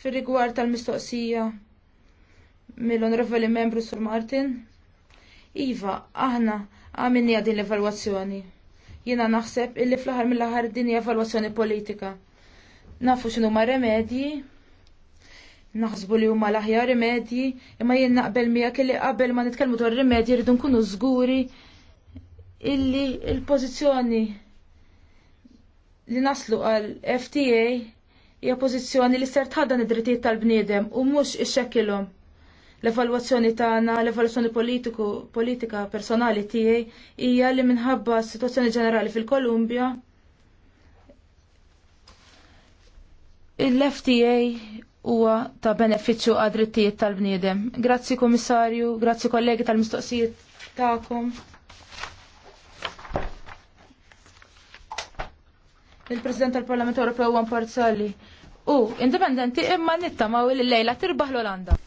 Fir-rigward tal-mistoqsija mill-Onorevoli Membru Sur Martin, Iva, aħna għamilni din l-evalwazzjoni. Jiena naħseb illi fl aħħar mill aħħar din evalwazzjoni politika nafu xinu ma remedji Naħsbu li huma l-aħjar rimedji, imma jien naqbel miegħek illi qabel ma nitkellmu dwar rimedji rridu nkunu żguri illi l-pożizzjoni li naslu għal FTA hija pożizzjoni li ser tħaddan id-drittijiet tal-bniedem u mhux ixxekkilhom l-evalwazzjoni tagħna, l-evalwazzjoni politiku, politika personali tiegħi hija li minħabba s-sitwazzjoni ġenerali fil-Kolumbja il-FTA huwa ta' benefiċċju għad-drittijiet tal-bniedem. Grazzi komissarju, grazzi kollegi tal-mistoqsijiet tagħkom. il-President tal-Parlament Ewropew għan parzali. U, indipendenti imma nittama u l-lejla tirbaħ l-Olanda.